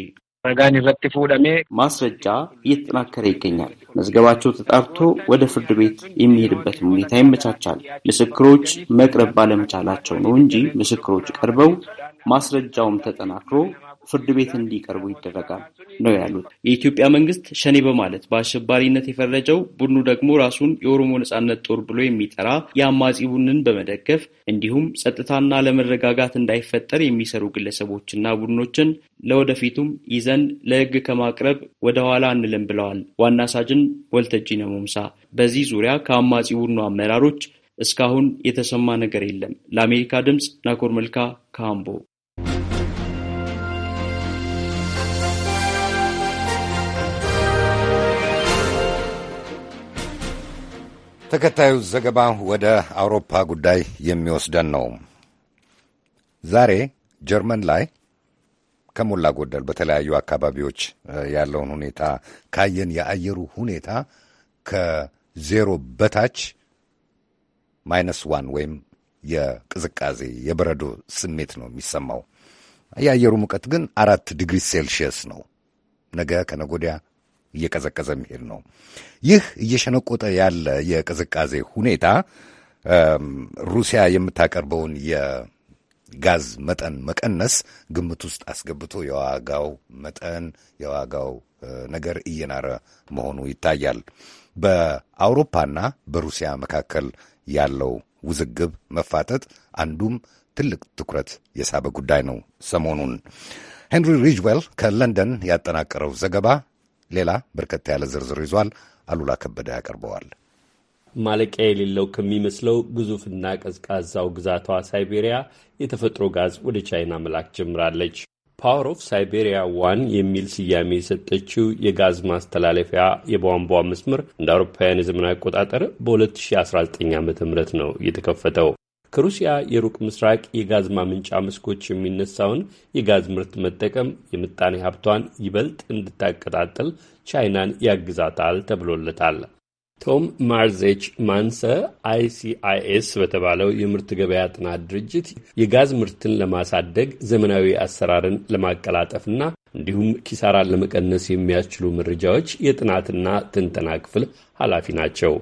ማስረጃ እየተጠናከረ ይገኛል። መዝገባቸው ተጣርቶ ወደ ፍርድ ቤት የሚሄድበትን ሁኔታ ይመቻቻል። ምስክሮች መቅረብ ባለመቻላቸው ነው እንጂ ምስክሮች ቀርበው ማስረጃውም ተጠናክሮ ፍርድ ቤት እንዲቀርቡ ይደረጋል ነው ያሉት። የኢትዮጵያ መንግስት ሸኔ በማለት በአሸባሪነት የፈረጀው ቡድኑ ደግሞ ራሱን የኦሮሞ ነጻነት ጦር ብሎ የሚጠራ የአማጺ ቡድንን በመደገፍ እንዲሁም ጸጥታና ለመረጋጋት እንዳይፈጠር የሚሰሩ ግለሰቦችና ቡድኖችን ለወደፊቱም ይዘን ለህግ ከማቅረብ ወደ ኋላ አንልም ብለዋል ዋና ሳጅን ወልተጂነ ሞምሳ። በዚህ ዙሪያ ከአማጺ ቡድኑ አመራሮች እስካሁን የተሰማ ነገር የለም። ለአሜሪካ ድምፅ ናኮር መልካ ካምቦ ተከታዩ ዘገባ ወደ አውሮፓ ጉዳይ የሚወስደን ነው። ዛሬ ጀርመን ላይ ከሞላ ጎደል በተለያዩ አካባቢዎች ያለውን ሁኔታ ካየን የአየሩ ሁኔታ ከዜሮ በታች ማይነስ ዋን ወይም የቅዝቃዜ የበረዶ ስሜት ነው የሚሰማው። የአየሩ ሙቀት ግን አራት ዲግሪ ሴልሺየስ ነው። ነገ ከነጎዲያ እየቀዘቀዘ መሄድ ነው። ይህ እየሸነቆጠ ያለ የቅዝቃዜ ሁኔታ ሩሲያ የምታቀርበውን የጋዝ መጠን መቀነስ ግምት ውስጥ አስገብቶ የዋጋው መጠን የዋጋው ነገር እየናረ መሆኑ ይታያል። በአውሮፓና በሩሲያ መካከል ያለው ውዝግብ መፋጠጥ አንዱም ትልቅ ትኩረት የሳበ ጉዳይ ነው። ሰሞኑን ሄንሪ ሪጅዌል ከለንደን ያጠናቀረው ዘገባ ሌላ በርከት ያለ ዝርዝር ይዟል። አሉላ ከበደ ያቀርበዋል። ማለቂያ የሌለው ከሚመስለው ግዙፍና ቀዝቃዛው ግዛቷ ሳይቤሪያ የተፈጥሮ ጋዝ ወደ ቻይና መላክ ጀምራለች። ፓወር ኦፍ ሳይቤሪያ ዋን የሚል ስያሜ የሰጠችው የጋዝ ማስተላለፊያ የቧንቧ መስመር እንደ አውሮፓውያን የዘመን አቆጣጠር በ2019 ዓ ም ነው የተከፈተው። ከሩሲያ የሩቅ ምስራቅ የጋዝ ማምንጫ መስኮች የሚነሳውን የጋዝ ምርት መጠቀም የምጣኔ ሀብቷን ይበልጥ እንድታቀጣጥል ቻይናን ያግዛታል ተብሎለታል። ቶም ማርዜች ማንሰ አይሲአይኤስ በተባለው የምርት ገበያ ጥናት ድርጅት የጋዝ ምርትን ለማሳደግ ዘመናዊ አሰራርን ለማቀላጠፍና እንዲሁም ኪሳራን ለመቀነስ የሚያስችሉ መረጃዎች የጥናትና ትንተና ክፍል ኃላፊ ናቸው።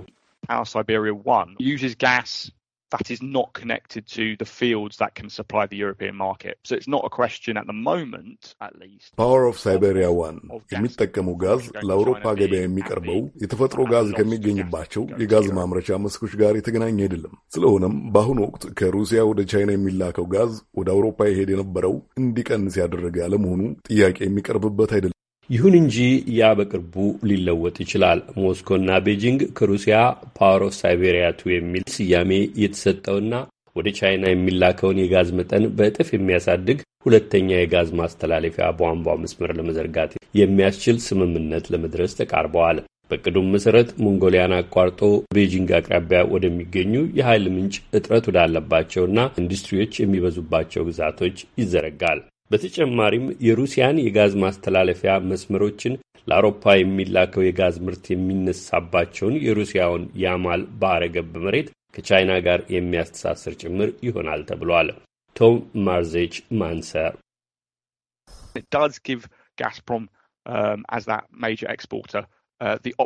that is not connected to the fields that can supply the European market. So it's not a question at the moment, at least. ፓወር ኦፍ ሳይቤሪያ ዋን የሚጠቀሙ ጋዝ ለአውሮፓ ገበያ የሚቀርበው የተፈጥሮ ጋዝ ከሚገኝባቸው የጋዝ ማምረቻ መስኮች ጋር የተገናኘ አይደለም። ስለሆነም በአሁኑ ወቅት ከሩሲያ ወደ ቻይና የሚላከው ጋዝ ወደ አውሮፓ ይሄድ የነበረው እንዲቀንስ ያደረገ ያለመሆኑ ጥያቄ የሚቀርብበት አይደለም። ይሁን እንጂ ያ በቅርቡ ሊለወጥ ይችላል። ሞስኮና ቤጂንግ ከሩሲያ ፓወር ኦፍ ሳይቤሪያ ቱ የሚል ስያሜ የተሰጠውና ወደ ቻይና የሚላከውን የጋዝ መጠን በእጥፍ የሚያሳድግ ሁለተኛ የጋዝ ማስተላለፊያ ቧንቧ መስመር ለመዘርጋት የሚያስችል ስምምነት ለመድረስ ተቃርበዋል። በቅዱም መሰረት ሞንጎሊያን አቋርጦ ቤጂንግ አቅራቢያ ወደሚገኙ የኃይል ምንጭ እጥረት ወዳለባቸውና ኢንዱስትሪዎች የሚበዙባቸው ግዛቶች ይዘረጋል። በተጨማሪም የሩሲያን የጋዝ ማስተላለፊያ መስመሮችን ለአውሮፓ የሚላከው የጋዝ ምርት የሚነሳባቸውን የሩሲያውን ያማል ባረገብ መሬት ከቻይና ጋር የሚያስተሳስር ጭምር ይሆናል ተብሏል። ቶም ማርዜች ማንሰር ጋስፕሮም ጋስፕሮም give Gazprom um, Uh,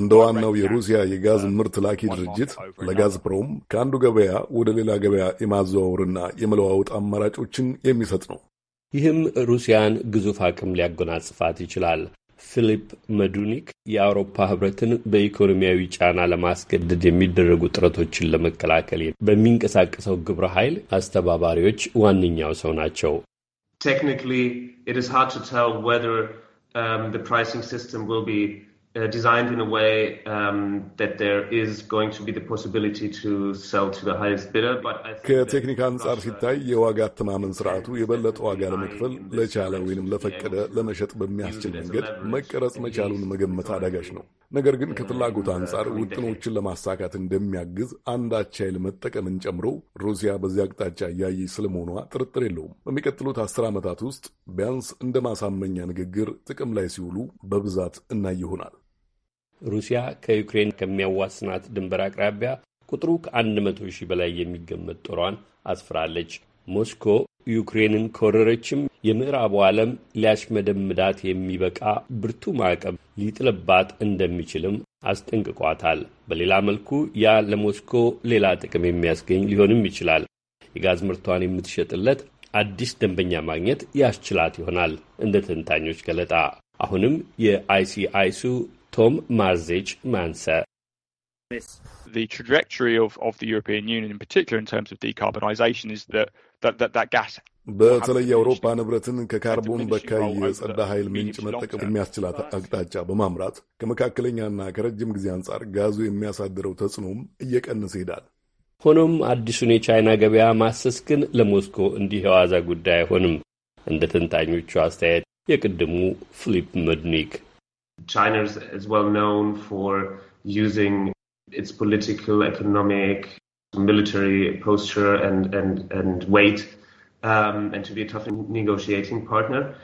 እንደ ዋናው የሩሲያ የጋዝ uh, ምርት ላኪ ድርጅት ለጋዝፕሮም ከአንዱ ገበያ ወደ ሌላ ገበያ የማዘዋወርና የመለዋወጥ አማራጮችን የሚሰጥ ነው። ይህም ሩሲያን ግዙፍ አቅም ሊያጎናጽፋት ይችላል። ፊሊፕ መዱኒክ የአውሮፓ ህብረትን በኢኮኖሚያዊ ጫና ለማስገደድ የሚደረጉ ጥረቶችን ለመከላከል በሚንቀሳቀሰው ግብረ ኃይል አስተባባሪዎች ዋነኛው ሰው ናቸው። um, the pricing system will be uh, designed in a way um, that there is going to be the possibility to sell to the highest bidder. ከቴክኒክ አንጻር ሲታይ የዋጋ አተማመን ስርዓቱ የበለጠ ዋጋ ለመክፈል ለቻለ ወይንም ለፈቀደ ለመሸጥ በሚያስችል መንገድ መቀረጽ መቻሉን መገመት አዳጋች ነው። ነገር ግን ከፍላጎት አንጻር ውጥኖችን ለማሳካት እንደሚያግዝ አንድ ኃይል መጠቀምን ጨምሮ ሩሲያ በዚህ አቅጣጫ እያየች ስለመሆኗ ጥርጥር የለውም። በሚቀጥሉት አስር ዓመታት ውስጥ ቢያንስ እንደ ማሳመኛ ንግግር ጥቅም ላይ ሲውሉ በብዛት እናይ ይሆናል። ሩሲያ ከዩክሬን ከሚያዋስናት ድንበር አቅራቢያ ቁጥሩ ከአንድ መቶ ሺህ በላይ የሚገመት ጦሯን አስፍራለች። ሞስኮ ዩክሬንን ከወረረችም የምዕራቡ ዓለም ሊያሽመደምዳት የሚበቃ ብርቱ ማዕቀብ ሊጥልባት እንደሚችልም አስጠንቅቋታል። በሌላ መልኩ ያ ለሞስኮ ሌላ ጥቅም የሚያስገኝ ሊሆንም ይችላል። የጋዝ ምርቷን የምትሸጥለት አዲስ ደንበኛ ማግኘት ያስችላት ይሆናል። እንደ ተንታኞች ገለጣ አሁንም የአይሲአይሱ ቶም ማርዜች ማንሰ the trajectory of, of the European Union in particular in terms of decarbonisation is that በተለይ የአውሮፓ ንብረትን ከካርቦን በካይ የጸዳ ኃይል ምንጭ መጠቀም የሚያስችላት አቅጣጫ በማምራት ከመካከለኛና ከረጅም ጊዜ አንጻር ጋዙ የሚያሳድረው ተጽዕኖም እየቀነሰ ይሄዳል። ሆኖም አዲሱን የቻይና ገበያ ማሰስ ግን ለሞስኮ እንዲህ የዋዛ ጉዳይ አይሆንም። እንደ ተንታኞቹ አስተያየት የቅድሙ ፊሊፕ መድኒክ ቻይና military posture and, and, and weight um, and to be a tough negotiating partner.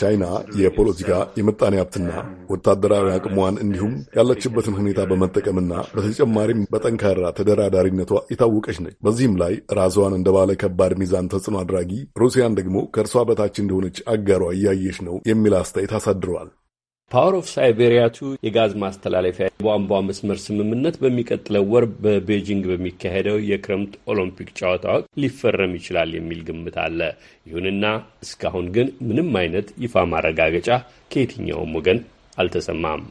ቻይና የፖለቲካ የምጣኔ ሀብትና um, ወታደራዊ uh, አቅሟን እንዲሁም ያለችበትን ሁኔታ በመጠቀምና በተጨማሪም በጠንካራ ተደራዳሪነቷ የታወቀች ነች። በዚህም ላይ ራሷን እንደ ባለ ከባድ ሚዛን ተጽዕኖ አድራጊ፣ ሩሲያን ደግሞ ከእርሷ በታች እንደሆነች አጋሯ እያየች ነው የሚል አስተያየት አሳድረዋል። ፓወር ኦፍ ሳይቤሪያቱ የጋዝ ማስተላለፊያ የቧንቧ መስመር ስምምነት በሚቀጥለው ወር በቤጂንግ በሚካሄደው የክረምት ኦሎምፒክ ጨዋታዎች ሊፈረም ይችላል የሚል ግምት አለ። ይሁንና እስካሁን ግን ምንም አይነት ይፋ ማረጋገጫ ከየትኛውም ወገን አልተሰማም።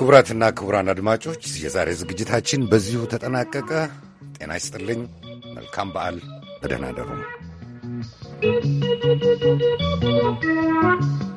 ክቡራትና ክቡራን አድማጮች የዛሬ ዝግጅታችን በዚሁ ተጠናቀቀ። ጤና ይስጥልኝ። መልካም በዓል። በደህና ደሩ። Thank you.